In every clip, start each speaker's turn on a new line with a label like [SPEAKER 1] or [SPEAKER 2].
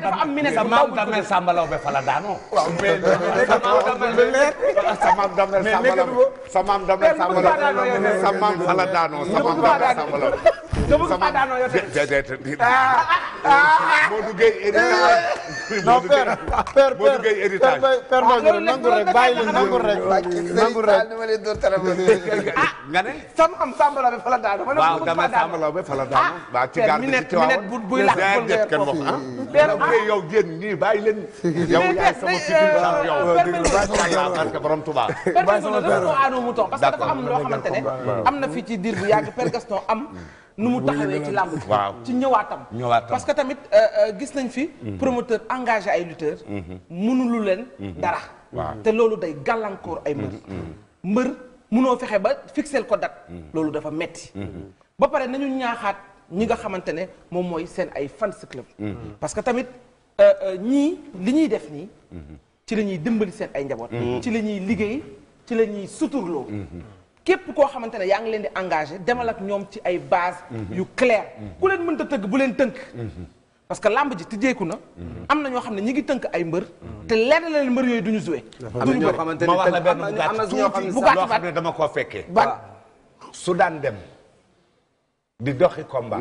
[SPEAKER 1] dafa am mi ne sa maam damel Samba Laobé fa la daanoo. waaw mais sa dama ko maa daanoo yor tamit. Modou Gueye héritage. non père père Modou Gueye héritage. père Modou nangul rek bàyyi leen nangul rek. nangul rek ma leen doon tërëmal. nga ne. sam am Samba Laobé fa la daanoo. waaw dama Samba Laobé fa la daanoo. waaw ci gàllankoor minette minette bu buy lakk yow génn ñii bàyyi leen. yow yaay sama sëñ yow. parce que borom Touba. père Gaston dafa ko aanu mu toog parce que dafa am loo xamante ne am na fii ci diir bu yàgg père Gaston am nu mu taxawee ci làmb waaw ci ñëwaatam ñëwaatam parce que tamit euh, euh, gis nañ fi mhm. promoteur engagé ay lutteur mhm. mënulu leen mhm. dara te loolu day gàllankoor ay mbër mbër mënoo fexe ba fixel ko dat loolu dafa metti ba pare nañu ñaaxaat ñi nga xamante ne moom mooy seen ay fan club parce que tamit euh, ñii li ñuy def nii ci la ñuy dimbali seen ay njaboot ci la ñuy liggéey ci la ñuy suturloo képp koo xamante ne yaa ngi leen di engagé demal ñoom ci ay base mhm. yu clair mhm. ku leen mënta tëgg bu leen tënk mhm. parce que lamb ji tijjeeku na. am na ñoo xam ne ñi ngi tënk ay mbër. te leer leen mbër yooyu duñu joué. duñu bëri ma wax la benn bu gàtt loo xam ne dama koo fekkee. ba su daan dem. di doxi combat.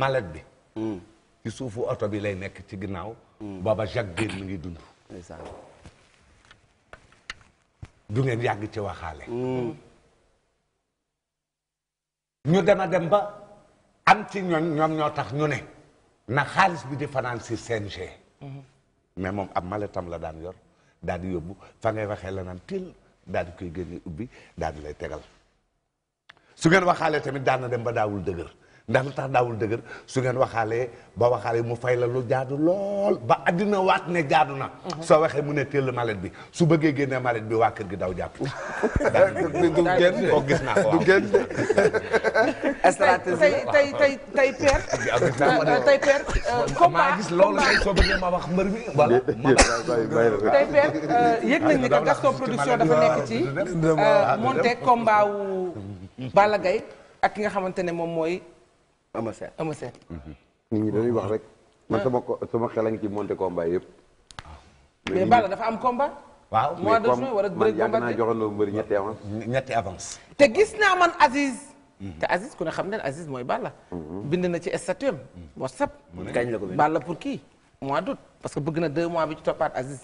[SPEAKER 1] malet bi. ci suufu oto bi lay nekk ci ginnaaw. booba Jacques Guèye mi ngi dund. du ngeen yàgg ci waxaale. ñu dem a dem ba am ci ñooñ ñoom ñoo tax ñu ne na xaalis bi di fanaan si seen CNG. mais moom ab maletam la daan yor daal di yóbbu fa ngay waxee la naan til daal di koy génne ubbi daal di lay tegal su ngeen waxaalee tamit daan na dem ba daawul dëgër. ndax lu tax daawul dëgër su ngeen waxaale ba waxaalee mu fay la lu jaadu lool ba addina waat ne jaadu na. soo waxee mu ne teel mallette bi su bëggee génnee mallette bi waa kër gi daw jàpp. du génn gis naa ko waaw du génn. stratégie tey tey tey tey euh, euh, euh, ma wax mbër mi yëg nañ ni que Gaston production dafa nekk ci. monté combat wu Balla ak ki nga xamante ne moom mooy. ama seen ama seen nit ñi dañuy wax rek man sama sama xel a ngi ci monté combat yëpp mais Balla dafa am combat waaw mois de juin war a bëri combat man yàgg naa joxoon loo mbëri ñetti avance ñetti avance te gis naa man Aziz hmm. te Aziz ku ne xam ne Aziz mooy Balla hmm. bind na ci statut am hmm. WhatsApp kañ la ko Balla pour kii mois d'août parce que bëgg na deux mois bi ci toppaat Aziz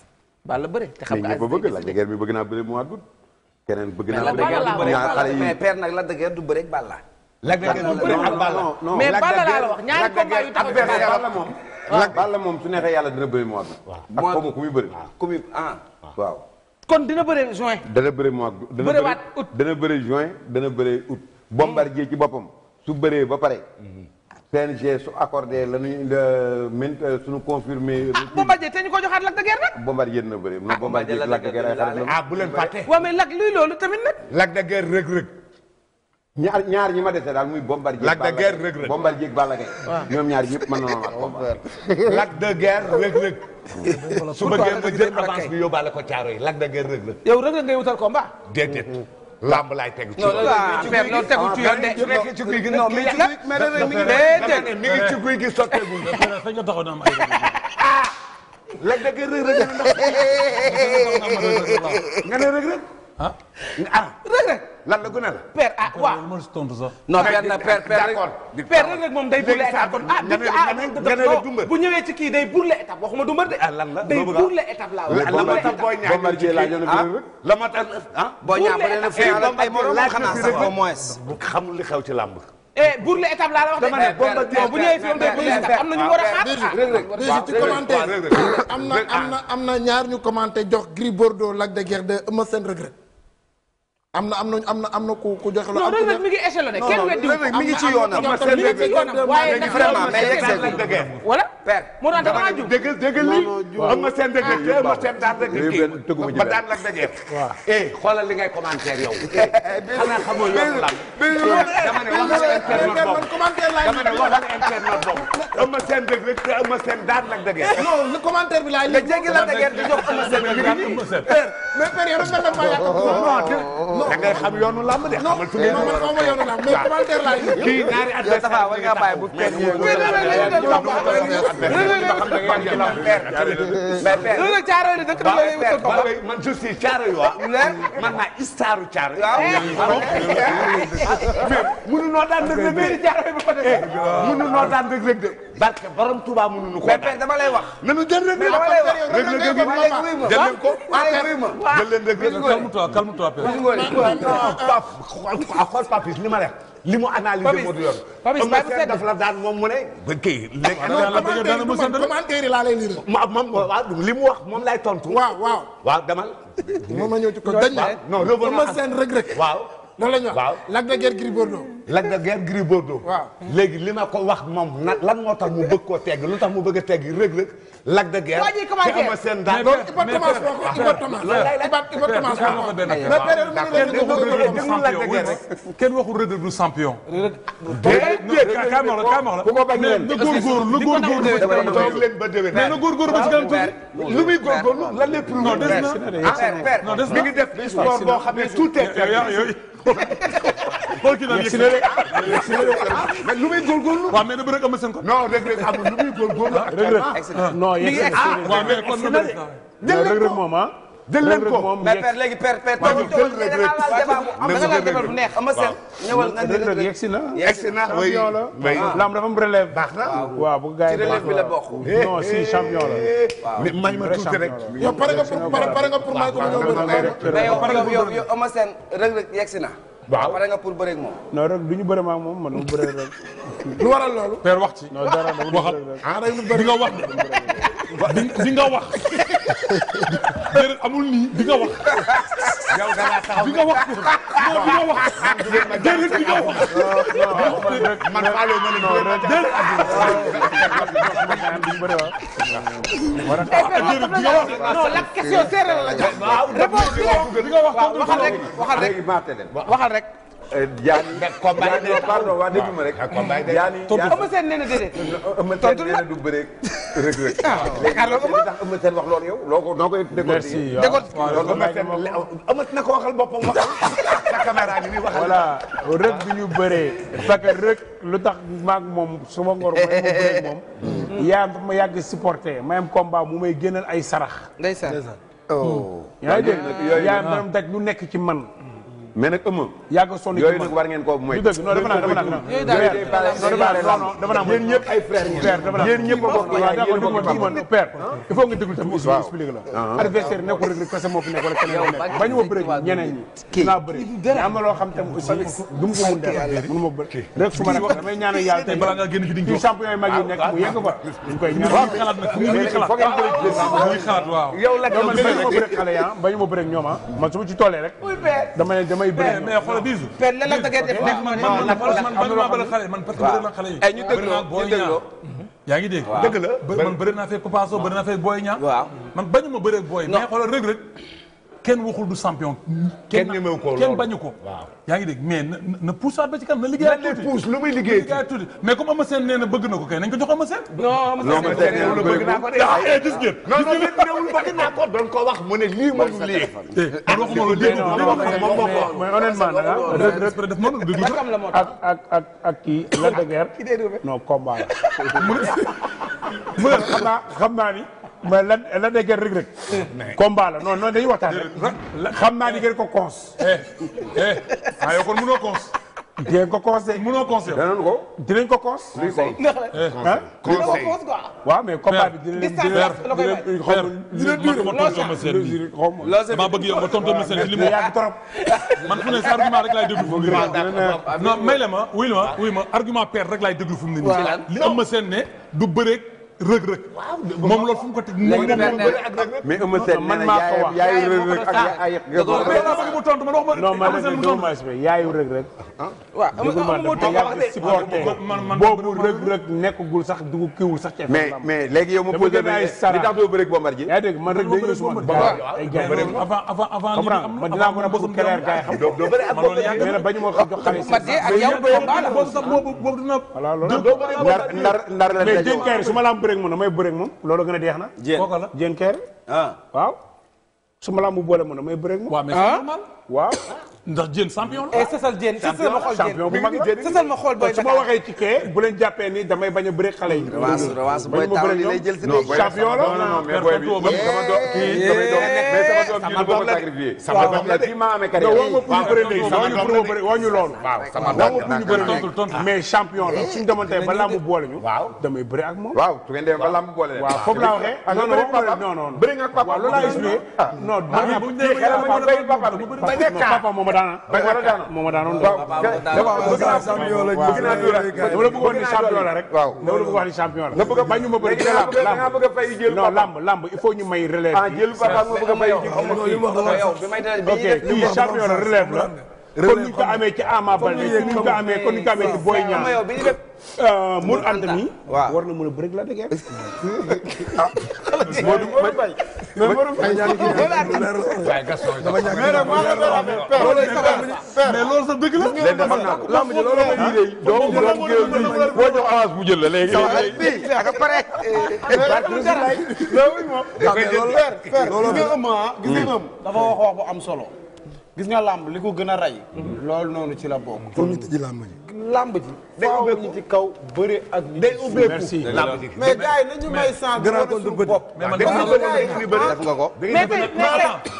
[SPEAKER 1] Balla bëri te xam nga Aziz bëgg la guerre bi bëgg naa bëri mois d'août keneen bëgg naa bëri ñaar xale yi mais père nag la guerre du bëri ak Balla Lac de Guiers bu bëri ak Balla mais Balla laa la wax ñaari combat yu tax Balla moom Balla moom su neexee yàlla dina bëri mois bi ak xaw ma ku muy ah, ah. kon dina bëri juin dana bëri mois bëriwaat août dana bëri juin dana bëri août bombardier ci boppam su bëree ba pare CNG su accordé la nu mint euh, suñu confirmé. ah Bombardier te ñu ko joxaat Lac de Guiers nag. Bombardier na bëri. ah Bombardier Lac de Guiers ay xarit ah bu leen nag. Lac de Guiers ñaar ñaar ñi ma dese daal muy Bombardier. Lac de Guiers Reug Reug Bombardier Balla Gaye ñoom ñaar ñëpp mën na ma wax combat. Lac de Guiers Reug Reug. su bëggee ma jël avance bi yóbbaale ko caaro yi Lac de Guiers Reug Reug. yow Reug Reug ngay wutal combat. déedéet. Mm-hmm. lamb laay teg ci yoon. Ah, mais gi non mais mi na am ay. Ah, Lac de ah ah lan la gën a la. père ah waaw loolu mooy tontu sax. non père nag père père rek père rek moom day burle étape ah ah kii day burle étape waxuma dumbar de. ah lan la day burle étape laa wax. burle étape la ma tax ah. booy ñaar ba ay morom xanaa sax au moins. xamul li xew ci làmb. et eh, burle étape laa la wax de. dama eh, bu ñëwee fii moom day burle étape am na ñu war a xaar. rek ci commentaire am na am na am na ñaar ñu commenté jox Gris Bordeaux Lac de Guiers de Eumeu Sène Reug am na am na am na am na ku ku joxe la. am ku ne mi ngi échelonné kenn weddi mi ngi ci yoonam. mi ngi ci yoonam waaye nag vraiment mais yegg seen dëgg. voilà mu doon damaa ju dëgg dëgg lii. am na seen dëgg kii am na seen daan dëgg kii ba daan la dëgg. waaw eh xoolal li ngay commentaire yow. Eh, xanaa xamoo yoonu la. dama ne waxal internet boobu dama ne waxal internet boobu. am na seen dëgg rek am na seen daan la dëgg. non le commentaire bi laay lii. nga jéggi la dëgg di jox am na seen dëgg. mais père yow rek nga la da ngay xam yoonu làmb de. xamal fi ngeen non xaw ma yoonu làmb mais commentaire laay noo daan dëgg-dëgg mënu barke borom Touba mënuñu koo daan dama lay wax. na nu jël rek la ko jël li ma rek li mu analysé moo du yoon. Papis Baye Moussa daf la daan moom mu ne. ba kii léegi. ma ma waaw li mu wax moom lay tontu. waaw waaw. waaw demal. moom ma ñëw ci ko dañ. non revenons waaw. loolu la ñu wax waaw Lac de Guiers Gris Bordeaux. Lac de Guiers Gris Bordeaux. waaw léegi li ma ko wax moom nag lan moo tax mu bëgg koo tegg lu tax mu bëgg a tegg Reug Reug. Lac de Guiers te ama seen daan. mais mais mais kenn waxul Reug Reug du champion. déedéet déedéet Burkina yegsi na de yegsi na de mais lu muy góorgóorlu. waaw mais nag rek am seen ko. non rek rek amul lu muy góorgóorlu. Ah, rek non yegsi na de. waaw mais kon nag. rek rek moom ah. jël leen ko mais père léegi père père toog toog ne laal débat bu neex ama seen ñëwal nga ne rek yegsi na yegsi na way ah. lam dafa am relève baax na ah, waaw bu gaay ci relève bi la bokk may ma tuuti rek yow pare nga pour pare nga pour may ko ñëw yow rek rek yegsi waaw pare nga pour bëre ak moom non rek du ñu bëre maak moom ma mu bëre rek lu waral loolu père wax ci non dara waxal ah rek lu bëre di nga wax di nga wax déedéet amul nii di nga wax. yow da ngaa taxaw di nga wax non di nga wax. déedéet di nga wax. man maa leen mën a déedéet. war a taxaw déedéet di nga wax. non la question séeréer la jox. réponse bi di nga wax waxal rek waxal rek. waxal rek. Diané Diané pardon waa déglu ma rek. Diané Diané Eumeu Sène nee na déedéet. tontu la du bëreeg rek rek. ah tax Eumeu Sène wax loolu yow. loo ko noo koy déggoo merci na ko waxal boppam waxal. sa caméra bi waxal. voilà rëg bi ñu bëree. parce que rëg lu tax maag moom suma ngor may ma yaa ma yàgg supporté ma am mu may génnal ay sarax. ndeysaan. oh. yaa ngi lu nekk ci man. mais nag ëmm. yàgg a sonn yooyu nag war ngeen koo moytu. dëgg non dama naan dama naan yooyu dama naan yéen ñëpp ay frères ngeen. yéen ñëpp a bokk waaye yéen a bokk kii man père il faut nga déglu tam aussi expliqué la. Ah. adversaire nekkul rek kese moo fi nekk wala keneen nekk bañu ma bëri ñeneen ñi. naa bëri mais am na loo xam tam aussi du mu ko mun dara mënu ma bëri. rek su ma nag damay ñaanal yàlla tey balaa ngaa génn fi di ñu champion yi mag yi nekk mu yegg fa dañ koy ñaan xalaat nag mu ngi xalaat mu ngi xalaat waaw yow la ah. bañu ma bëri xale ya bañu ma bëri ñoom ah. man su ma ci tollee rek dama damay bëri eh, mais xoolal bisu. per la la dëgg man man man man bëri man parce que bëri naa xale yi. Eh, ñu dégloo ñu mhm. man bëri naa fee Papa Sow man bañu ma bëree Boy. mais xoolal Reug Reug kenn waxul du champion. kenn ñemewu ko kenn bañu ko. waaw yaa ngi dégg mais na na poussaat ba ci kanam na liggéeyaat tuuti. na pousse lu muy liggéey tuuti mais comme Ama Sène nee na bëgg na ko kay nañ ko jox Ama Sène. non Ama Sène nee na bëgg naa ko de. ah eh gis ngeen. non non néewul bëgg naa ko doon ko wax mu ne lii moom lii.
[SPEAKER 2] ah waxuma la dégg nga moom moo ko. mais
[SPEAKER 1] honnêtement da nga def noonu déglu ko. ak ak ak ak kii la de guerre. non combat la. mu ne xam naa xam naa ni. mais lan lan day gën rëg rëg. combat la non non dañuy xam naa ni ngeen ko cons. Eh, eh. ah yow
[SPEAKER 3] kon mënoo cons.
[SPEAKER 1] dinañ ko conseil mënoo eh. ko dinañ ko cons. conseil conseil waaw mais combat bi dinañ dinañ. dinañ dinañ xaw ma bëgg yow nga tontu monsieur li mu man fu argument rek laay déglu fu mu mu ne li am ma seen ne du bëreeg. rëg rëg. waaw moom loolu fu mu ko teg moom moom moom bëri ak rëg rëg. mais Eumeu Sène nee na yaayu rëg rëg ak ay. dëgg la mais daa bëgg mu tontu man waxuma. non man ah, de non maa ngi yaayu rëg rëg. waaw man boobu rëg rëg man rek day yëngu suma avant avant a boobu sax boobu dina. voilà loolu bëreeg moom damay bëreeg moom loolu gën a deex na. jéen kooka la jéen keer. Ah. ah waaw su ma laa mu boole moom damay bëreeg moom. waaw mais c'est ah. waaw ndax Diène champion la. sësal Diène sësal ma xool champion bu mag Diène sësal ma xool booy Dakar su ma waxee ci kee bu leen jàppee ni damay bañ a bëre xale yi. rewaas rewaas booy taawul li lay jël si biir champion la. non non mais booy bi sama doom kii sama doom mais sama doom bii dama ko sacrifié. sama doom la kii maa amee carrière waaw woo ma pour ñu bëre léegi woo ñu pour ma bëre woo ñu loolu. waaw sama doom la nag nag tontu tontu mais champion la suñu demantee ba làmb boole ñu. waaw damay bëre ak moom. waaw su ngeen demee ba làmb boole leen. waaw foofu laa waxee. non non non non bëre nga ak papa. waaw loolu laa expliqué.
[SPEAKER 3] non papa
[SPEAKER 1] moom a daan moom a daanoon. champion la dama la bëgg wax ni champion la rek. waaw dama la bëgg wax ni champion la. nga bëgg a bañu ma bëri jël non lamb lamb il faut ñu may relève. ah jël papa nga bëgg a fay jël. ok kii champion la relève la. kon ni ñu ko amee ci Ama Baldé kon ni ñu ko amee kon ni ñu ko amee ci Boy Niang. Mour Anta mi. waaw war na mën a bëri la dëgg. ah Modou Mbaye.
[SPEAKER 3] mais Modou Mbaye ñaari kii mais
[SPEAKER 1] loolu sa dëgg la. léegi xam naa ko lamb ji loolu la ñuy donc boo jox avance bu jël la léegi. ak pare. loolu moom. loolu gis nga am dafa wax wax bu am solo. gis nga làmb li ko gën a rey. loolu noonu ci la bokk. foog ñu tëj làmb ji. lamb ji. day ubbeeku faaw ñu ci kaw bëri ak. ñu day ubbeeku merci lamb ji mais gars yi nañu may sens. grand contre bëri
[SPEAKER 3] mais def nga ko def nga ko. mais tey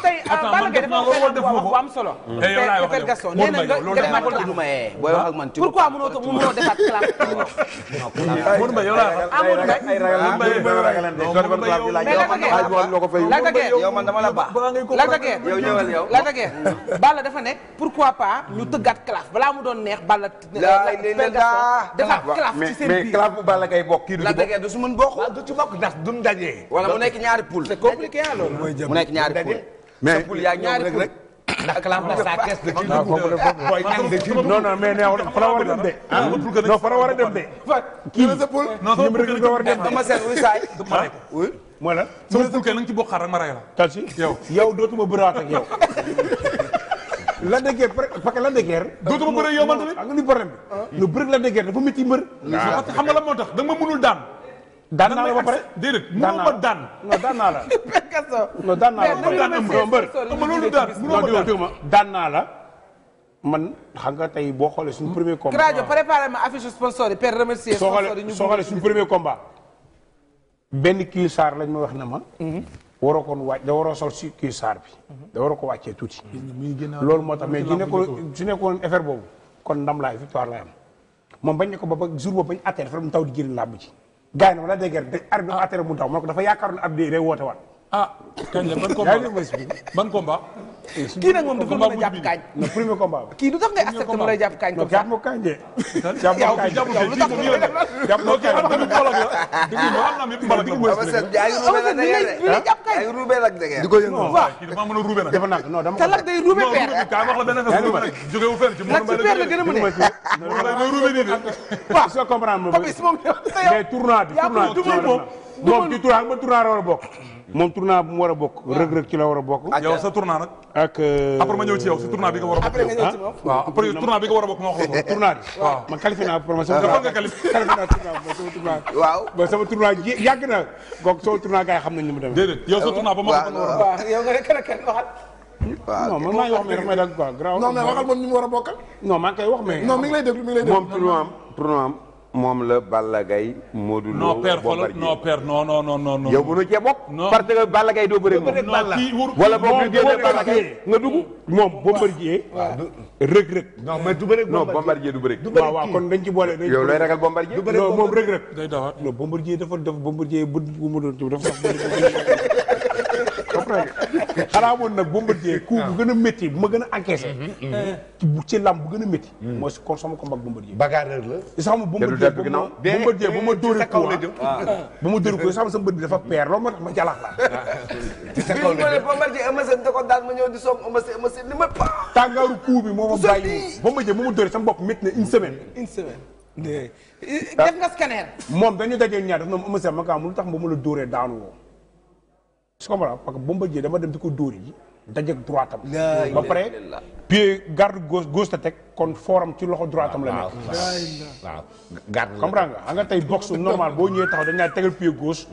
[SPEAKER 1] tey Balla Gaye dafa wax bu am solo. tey yow laay waxee Gaston nee na nga demaat classe. pourquoi mënoo toog mënoo defaat classe. Modou Mbaye yow laa ah Modou Mbaye. ay ragal ay ragal ay ragal ay ragal ay ragal laay lay lay dafa classe ci seen biir mais classe bu Balla Gaye bokk du ci bokk waaw du ci bokk ndax duñ daje. wala mu nekk ñaari poule. c'est compliqué alors mu nekk ñaari poule. mais poule yaa ñaari poule. ndax classe la saa kees de kii ah, dugub de non non mais neex na fa la war a dem de. Ah, non fa la war a dem de. kii de. dama seet wuy saay. Ah, mooy la sama poule kay na nga ci bokk xar rek ma rey la. yow yow dootuma bëraat ak yow. Lac de Guiers parce que Lac de Guiers. Euh, dootuma bëre yombal tamit ak li problème bi. Ah. lu bëri Lac de Guiers dafa métti mbër. Ah. parce que xam nga la moo tax da ma mënul daan. daan naa la ma daan. naa la. non daan naa man xam nga tey boo xoolee suñu premier combat. rajo préparé ma affiche sponsor yi père remercier sponsor yi ñu. soo xoolee suñu premier combat. benn kii Sarr lañ ma wax na ma. Mhm. waroo ko wàcc da waroo sol si kii saar bi ko wàccee tuuti loolu moo tax mais su nekkoon su nekkoon boobu kon ndam laay victoire laay am moom bañ ne ko ba ba jour boobu bañ attee dafa mu taw di jëriñ làmb ji gars yi na ma la dégg rek arbitre attee mu taw man ko dafa yaakaaroon ab day woote waat ah kañ la ban combat ban combat. Eh, kii nag moom dafa mën a jàpp kaañ. le premier combat bi kii lu tax ngay accepté mu lay jàpp kaañ. comme ça jàpp kaañ de. yow jàpp kaañ lu tax nga koy defal jàpp kaañ am na lu mbooloo la. dégg nga am na lu mbooloo la. am na seen jaay yu ruubee la ne yàlla de ah ay ruubee la ak dëgg yàlla. di ko yëngu waaw waaw kii damaa mën a ruubee nag. dafa nag non dama ko wax te lak day ruubee peer. non ruubee kaa wax la benn affaire ruubee nag jóge wu fenn ci. lak ci peer la gën a mën a. waaw waaw waaw moom tournant bu mu war a bokk. rëg-rëg ci la war a bokk. yow sa tournant nag. ak. Euh, après ma ñëw ci yow a bokk. a
[SPEAKER 3] bokk ma wax la ko. tournant bi waaw man
[SPEAKER 1] qualifié naa pour ma sama. waaw nga qualifié qualifié naa tournant bi ba sama tournant na kooku sama tournant gars yi xam nañ ni mu demee. déedéet yow sa tournant ba ma war a bokk. a bokkal. mi ngi lay moom la Balla Gaye Modou Lo non père xoolal non père non non non non. yow mënoo cee bokk. non parce que Balla Gaye doo bëri moom. wala boo bëri Balla Gaye nga dugg. moom Bombardier. waaw Reug Reug. non mais du bëri non Bombardier du bëri. du bëri waaw waaw kon dañ ci boole. yow looy ragal Bombardier. du bëri non moom Reug Reug. day dawaat non Bombardier dafa def Bombardier bu mu doon dafa comprendre nga xanaa moon nag Bombardier coup bu gën a métti bu ma gën a encaissé mhm, mhm. Euh, ci lamb bu gën a métti mhm. mooy si kon sama combat Bombardier bagarreur la i sax ma Bombardier Bombardier ba ma dóori ko ba ma dóori ko sax sama bët bi dafa peer loolu moo tax ma jalax la bi ma ne Bombardier Eumeu da ko daal ma ñëw di soog Eumeu Eumeu li ma pa tàngaaru coup bi moo ma bàyyi Bombardier ba ma dóori sama bopp métti na une semaine une semaine ah. def nga scanner moom dañu dajee ñaar daf na ma Eumeu Sène ma kaa mu lu tax ba ma la dóoree daanu woo su ko parce que Bombardier dama dem di ko dóor yi dajeeg droitam ba pare pied garde gauche gauche la teg kon forum ci loxo droitam la nekk. waaw waaw comprends nga xam normal boo ñëwee taxaw dañ naan tegal pied gauche.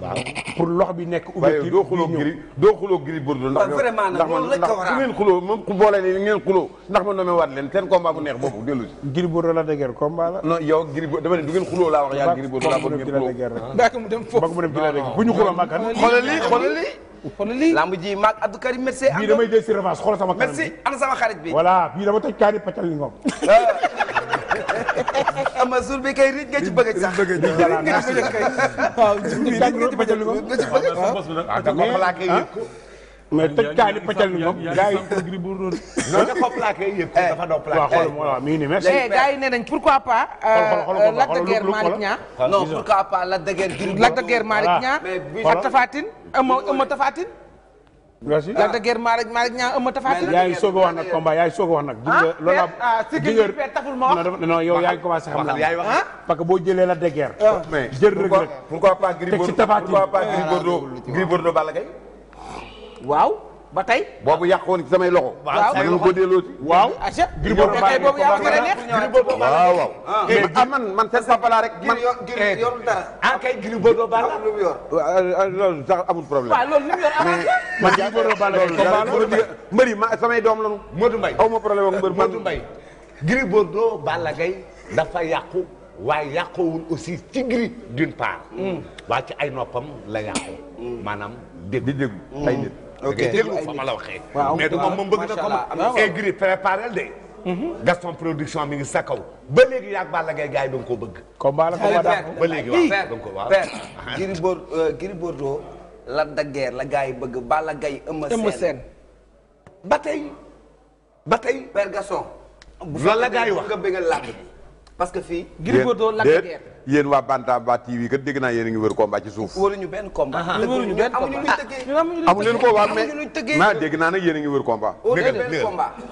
[SPEAKER 1] pour loxo bi nekk ouverture doo xuloo giri doo xuloo giri bëri ndax vraiment nag loolu la ko war a ngeen xuloo moom giri bëri la dëgër combat la. non giri bëri dama ne du ngeen xuloo laa giri bëri laa bëgg ngeen xuloo. daa ko mu dem mu dem mag kan. merci. bii sama. merci bi. wala bii dama toj kaani pàccal Ah. amasul bi kay riij nga ci bëgg sax riij nga ci bëgg kay waaw riij nga ci bëgg nga ci bëgg waaw ah, ah. mais tëj kaani pàccal ni moom gars yi Gris Bordeaux non dafa plaqué yëpp eh. dafa doon plaqué waaw xool waaw mi ngi nii merci mais eh, gars yi eh. nee nañ euh, pourquoi pas Lac de Guiers Malick Niang non pourquoi pas Lac de Guiers Lac de Guiers Malick Niang ak Tapha Tine ëmma ëmma Tapha Tine merci Lac de Guiers Malick Malick Niang Eumeu Tapha Tine. yaa ngi soog a wax nag combat yaa ngi soog a wax nag. ah, ah, ah taful ma wax non yow yaa ngi commencé xam la parce que boo jëlee Lac de Guiers. Ah. mais jël teg ci Tapha waaw. ba tey boobu yàqoon ci samay loxo. waaw waaw ko delloo ci. waaw Gris Bordeaux tey boobu yaa a neex. waaw waaw. Ah. mais ah, man man seen papa laa rek. man kii eh. yor dara. ah kay Gris Bordeaux Balla lu mu yor. Ah, loolu sax amul problème. waaw loolu samay doom lañu. Modou Mbaye aw ma problème ak mbër man Modou Mbaye. Gris Bordeaux Balla Gaye dafa yàqu waaye yàqoowul aussi ci Gris d'une mm. waa ci ay noppam la yàqu. Mm. maanaam dégg di dégg ay ok déglu fa ma la waxee. waaw mais bëgg ah, de. Mhm. Gaston production mi ngi sa kaw. ba léegi yaa ngi bëgg. comme Balla ko ma daan ba léegi waaw da nga ko waaw. Gris euh, yi bëgg ba tey ba tey. Père Gaston. loolu la yi wax bu fekkee nga bëgg parce que fii. Gris Bordeaux la yéen waa Bantamba TV kat dégg naa yéen a ngi wër combat ci suuf. amu leen ko waa mais ma dégg naa a ngi wër combat. négal négal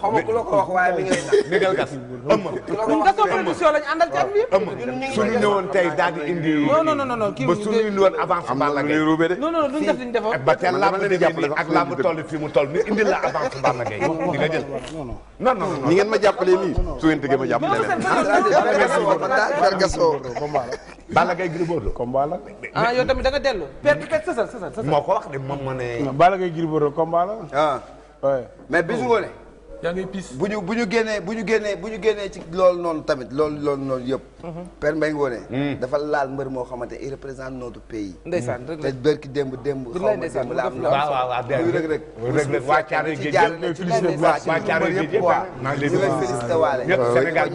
[SPEAKER 1] xaw ma ku la ko wax waaye mi ngi lay négal gas ëmma. ñun gasoo production lañu àndal ci tey daal di indi. non non non non kii bi ba suñu ñëwoon avance Balla Gaye. non non duñ def duñ defoon. ba tey làmb ni nii ak làmb toll fii mu toll nii indi la avance Balla Gaye di nga jël. non non non ni ngeen ma jàppalee nii su ngeen tëggee ma jàppalee combat la. Balla Gaye Gris Bordeaux. combat la. ah yow tamit da nga dellu. perte perte sësal sësal. moo ko wax de moom moo ne. Balla Gaye Gris Bordeaux combat la. ah. mais ngoone. yaa bu ñu bu ñu génnee bu ñu génnee bu ñu génnee ci lool noon tamit loolu loolu noonu yëpp. Mhm. Père Mbaye Ngoné. Hmm. dafa laal mbër moo xamante il représente notre pays. ndeysaan hmm. rek te bërki démb démb. xaw ma démb la am na waaw waaw waaw dégg rek ah, la ci waa Thiaré Sénégal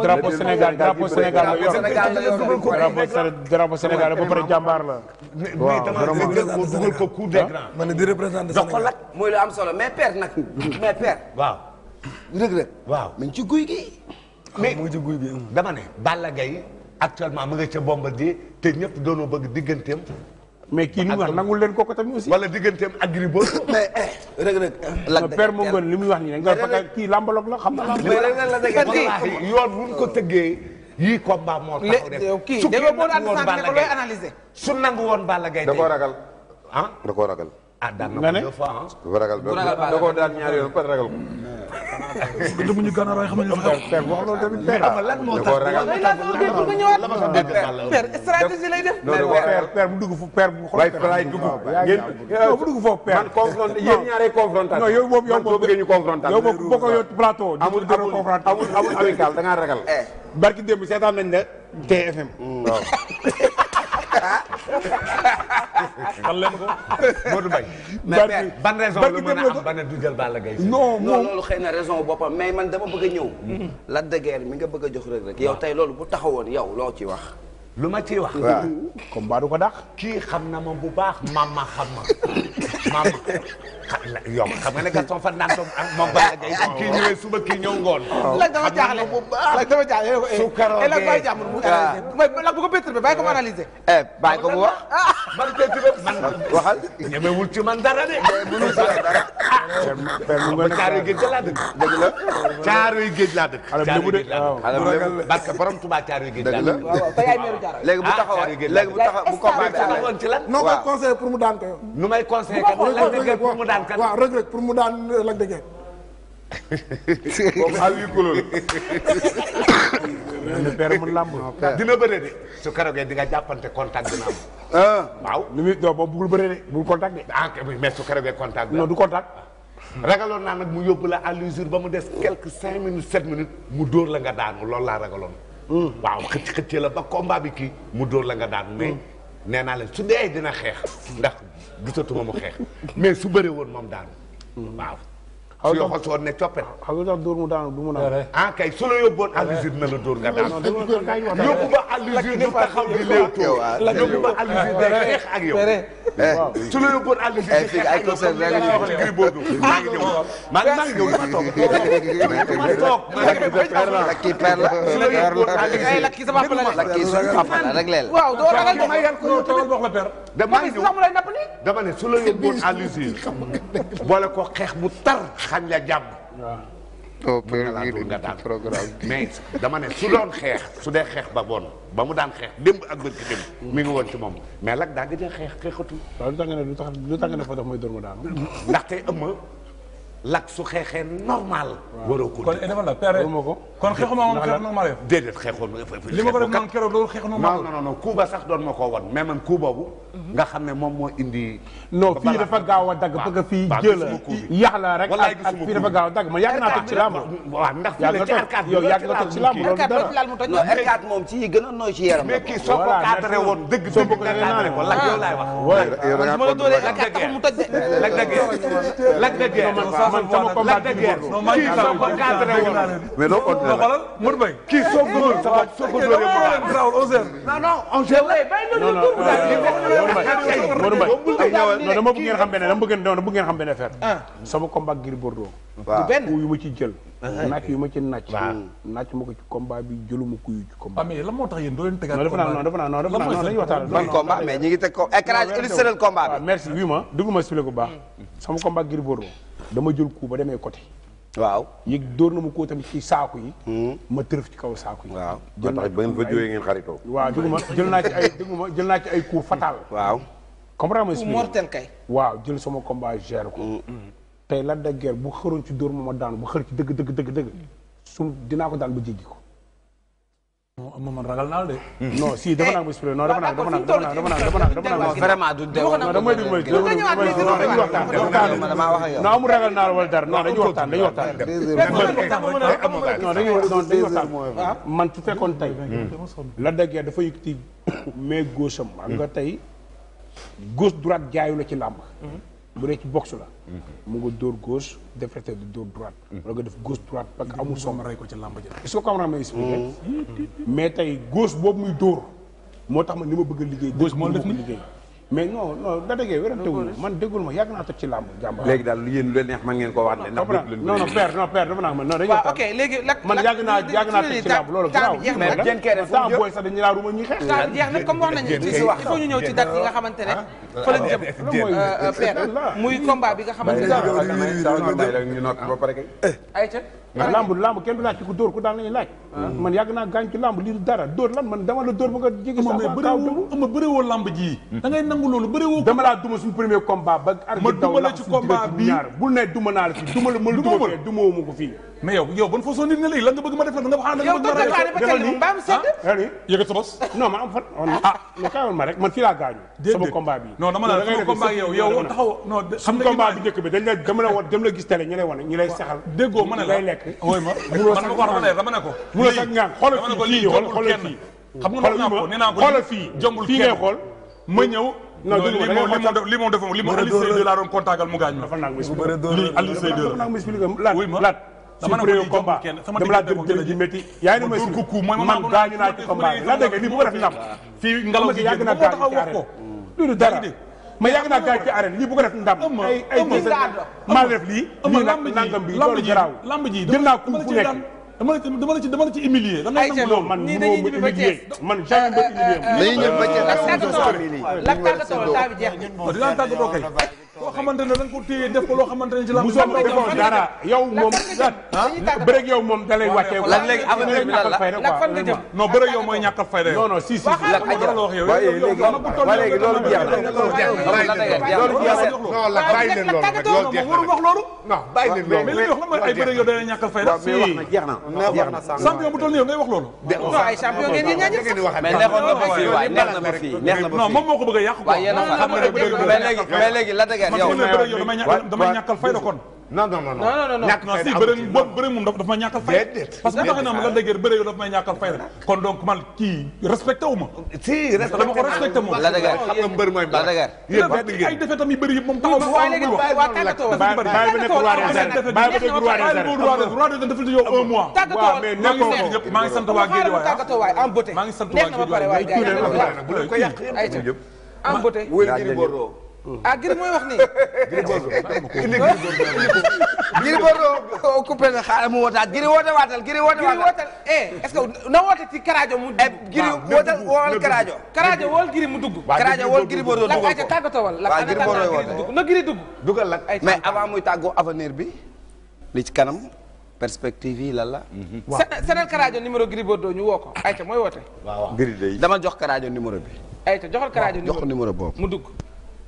[SPEAKER 1] ñëpp Sénégal drapeau Sénégal nag mooy lu am solo mais père nag mais père. waaw rëg-rëg. waaw mu ngi ci guy gi. mais mu ngi guy gi dama ne. Balla Gaye actuellement mu nga ca Bombardier te ñëpp doonoo bëgg digganteem. mais kii nu mu wax nangul leen kooku tamit aussi. wala digganteem Agri Bordeaux. mais eh, rëg-rëg. la père moom gën li muy wax nii rek nga fekk kii lambaloog la xam na. mais rëg-rëg la yoon bu ñu ko tëggee. yii combat moo taxaw rek kii da nga ko doon analyser su nangu woon Balla Gaye de koo ragal ah da koo ragal. ah daan na ko deux fois ah. bu ragal da koo daan ñaari yoon ragal ko. dama ñu gànnaar waaye xam nañu dafa xew. wax loolu tamit père lan moo tax père stratégie lay def. père père mu dugg foofu père mu xool. waaye falaay dugg yéen dugg foofu père. man confront yéen ñaaree confrontation. non yow moom yow moom bëggee ñu confrontation. yow moom boo ko yow plateau. amul amul amul amul amical da ngaa ragal. Eh. barki démb seetaan nañ la TFM. Mm, waaw. fan leen ko Modou Mbaye. ban raison la mën a am ba du jël Balla Gaye non loolu xëy na raison boppam mais man dama bëgg a ñëw. Mm-hmm. Lac de Guiers mi nga bëgg a jox rek rek. yow tey loolu bu taxawoon yow loo ci wax. lu ma ci wax. waaw comme ba du ko dàq. kii xam na ma bu baax maam ma xam yomb xam nga ne Gaston fan naan toog ak moom Balla Gaye kii ñëwee suba kii ñëw ngoon. Oh, lak dama jaaxle bu baax lak dama jaaxle. su karoo dee lak bàyyi jàmbur mu analysé ah. mooy lak bu ko perturbé bàyyi ko mu analysé. Eh, bàyyi ko mu wax. Ah. man perturbé man waxal. ñemewul ci man dara de. mënul ci dara. ah caaroy géej laa dëkk. dëgg la caaroy géej laa dëkk. caaroy géej laa dëkk xale bu dee parce que borom Tuubaa caaroy géej laa dëkk. waaw tey ay meeru jaara. léegi bu ah, taxawoon léegi bu taxawoon bu combattre. waaw noo koy conseillé pour mu daan ko yow. nu may conseillé kat lan daan kan waaw pour mu daan Lac de Guiers. comme à huis clos la. père mu làmb. dina bëre de. su keroogee di nga jàppante contact dina am. Ah. waaw ni muy non boobu bugul bëre de bugul contact de. ah mais su keroogee contact. non du contact. ragaloon naa nag mu yóbbu la à l'usure ba mu des quelques cinq minutes sept minutes mu dóor la nga daanu loolu laa ragaloon. Hmm. waaw xëcc xëcc la ba combat bi kii mu dóor la nga daanu. mais hmm. nee naa leen su dee dina xeex ndax. gisatuma mu xeex mais su bëree woon moom daanu waaw xaw ma doon su yow ne coppet. xaw ma doon dóor mu daanu du mu naan. ah kay su la yóbboon allusir na la dóor nga daan. non non dama la wax yóbbu ma allusir du taxaw di léewtoo. Ah, yóbbu ma allusir day xeex ak yow. Eh. waaw su la yóbboon allusir day eh, xeex ak yow. maa ngi ñëw maa ngi ñëw ma toog. ma toog ma ngi koy taxaw. lakki per la su la yóbboon allusir. lakki sa papa la de. lakki suñu papa la rek leen. waaw doo ragal de. dama ne su la yóbboon allusir boole ko xeex bu tar xañ la jàmm. waaw. Oh, nga daal mais dama ne su loon xeex su dee xeex ba bon ba mu daan xeex démb ak bët ki démb. ngi woon ci moom mais lag daa gëj a xeex xeexatul. waaw lu tax nga ne lu tax lu tax nga ne fa tax mooy dóor mu daan. ndaxte ëmma lag su xeexee normal. waroo ko kon dafa la ko. kon xeexuma moom keroog nag maa la yor déedéet xeexoon li ma ko def man keroog loolu xeexu non non non kuuba sax doon ma koo won mais man kuu boobu mhm. nga xam ne moom moo indi non fii dafa gaaw a dagg bëgg fii jëla yax la rek ak fii dafa gaaw a dagg ma yàgg naa toj ci làmb waaw ndax fii la ci R4 yow yàgg nga toj ci làmb loolu dara lal mu toj R4 moom ci yi gën a nooy ci yaram mais kii soo ko cadré woon dëgg dëgg naa ko lak yow laay
[SPEAKER 3] wax
[SPEAKER 1] ma la doolee lak dëgg mu toj de lak dëgg lak dëgg man sama combat kii soo ko cadré woon mais non xoolal Modou Mbaye. kii soo ko sa bopp soo ko doon yëpp daal garaawul on sait. non non on sait. non dama bëgg ngeen xam benn dama bëgg non dama bëgg ngeen xam benn affaire. sama combat ci jël. naaj yu ma ci naaj. waaw naaj ma ko bi jëluma kuy ci combat. moo tax yéen doo leen tegaat. combat non dafa naa non dafa ko écrage bi. merci dama jël coup ba demee côté waaw yëg dóor na ma ko tamit ci saaku yi. Hmm. ma tërëf ci kaw saaku yi. waaw jël naa ba ngeen fa jógee waaw dégg ma jël naa ci ay dégg jël naa ci ay coup fatal. waaw. comprendre ma expliqué mortel kay. waaw jël sama combat gère ko. Hmm. tey la de bu xëroon ci dóor ma ma daan bu xër ci dëgg dëgg dëgg dëgg. su dinaa ko daan ba jéggi ko. moom man ragal naa de. Hmm. non si dafa naa expliqué non dafa naa dafa naa dafa naa dafa naa dafa naa vraiment du dee non damay déglu mooy dañuy waxtaan non amul ragal naa wala dara non dañuy waxtaan dañuy waxtaan non dañuy ah. man su fekkoon tey hmm. la dëggee dafa yëkkati mais gauche am nga tey gauche droite jaayu ci làmb hmm. bu dee ci boxe la. Mhm. mu nga dóor gauche deflete di dóor droite. Mhm. wala nga def gauche droite parce que amul somb. ray ko ci làmb ja est-ce que comprendre may expliqué. Mhm. mais tey gauche boobu muy dóor moo tax ma ni ma bëgg a liggéey. gauche moo la ma liggéey. mais non non da déggee man déggul ma yàgg naa toj ci làmb jàmbaar léegi daal lu yéen lu leen neex man ngeen ko wax de ndax non non père non père dafa naa man non waaw ok léegi lak man yàgg naa yàgg naa toj ci làmb loolu garaaw mais jën kere temps booy sax dañu laa ruma ñuy xeex temps jeex na comme wax nañu ci il faut ñu ñëw ci date yi nga xamante ne fa lañ jëm père muy combat bi nga xamante ne ñu nokk ba pare kay mais ah. lamb lamb kenn du laaj ci ku dóor ku daan lañuy laaj. Ah. man yàgg naa gaañ ci lamb lii dara dóor lan man dama la dóor ba nga jéggi sa mais bëriwoo ama bëriwoo lamb ji hmm. da ngay nangu loolu bëriwoo dama laa duma suñu premier combat ba ar duma la ci combat bi ñaar bul duma naa la fi duma la ma duma ko fii mais yow yow ban façon nit ne léegi lan nga bëgg ma def la nga wax ah, nga bëgg ma def defal nii mbaam sedd ah, yëgat sa bos non ma am fan ah mais kaay ma rek man fii laa gaañu sama combat bi non bi njëkk bi dañ la dama la woon dem la gis télé lay wane ñu ma ne lay lekk woy ma man ko wax ne ko mu la sax ngaan xoolal fii xoolal fii xam nga naa ko nee naa ko xoolal fii jombul fii ngay xool ma ñëw non li li moom def li moom de laa doon contactal mu gaañ dama ne ko combat dama laa dégg jël ji métti yaa ngi la dégg lii bu ko def ndam fii ngelaw gi yàgg naa gaañu dara ma yàgg naa gaañu ci arène lii bu ndam ay ay maa lii lii nag nangam bi loolu garaaw la ci dama la ci dama la ci humilier. ay ceeb loolu man mënoo ma humilier man jamais ma euh, humilier. Euh, euh, loo xamante ne da nga ko téye def ko loo ne ci la. musoo ko defoon moom. bëreeg yow moom da lay la lan fan nga jëm. non bëreeg yow mooy ñàkk a fayda yow. la wax yow. waaye léegi waaye léegi loolu jeex na. loolu la bàyyi leen nga wax mooy ay bëreeg a fayda. waaw mais bu moom moo ko bëgg a a mais la dëgg père yow damay ñàkkal fayda kon non non non non ñàkk fayda si bëri boobu bëri moom dafa ma ñàkkal fayda parce que waxe na ma la dëgër bëri yow dafa may ñàkkal fayda kon donc man kii respecté wu ma si dama ko respecté moom la dëgër xam nga mbër mooy mbër la dëgër yéen ay defet am yu bëri yëpp moom taxaw waaye léegi waa tàggatoo bàyyi ba nekk roi des arènes bàyyi ba nekk roi des arènes roi des arènes defal yow un mois waaw mais nekkoo ñëpp maa ngi sant waa géej waay tàggatoo waay en beauté maa ngi sant waa géej waay bu leen ko yàq yëpp en beauté wóor gi ni boroo ah Gris mooy wax nii. Gris Bordeaux oh, coupé na xaaral mu wootaat Gris woote waatal Gris woote waatal eh est na woote ci Karajo mu dugg. Eh, Gris wootal woowal Karajo. Karajo wool Gris mu dugg. Karajo wool Gris Bordeaux la tàggatawal. waaw Gris Bordeaux woote na Gris ay mais bi li ci kanam. perspective yi lan la. waaw mhm. senal Karajo numéro Gris Bordeaux ñu woo ko. mooy woote. dama jox Karajo numéro bi. ayca joxal Karajo numéro boobu mu dugg.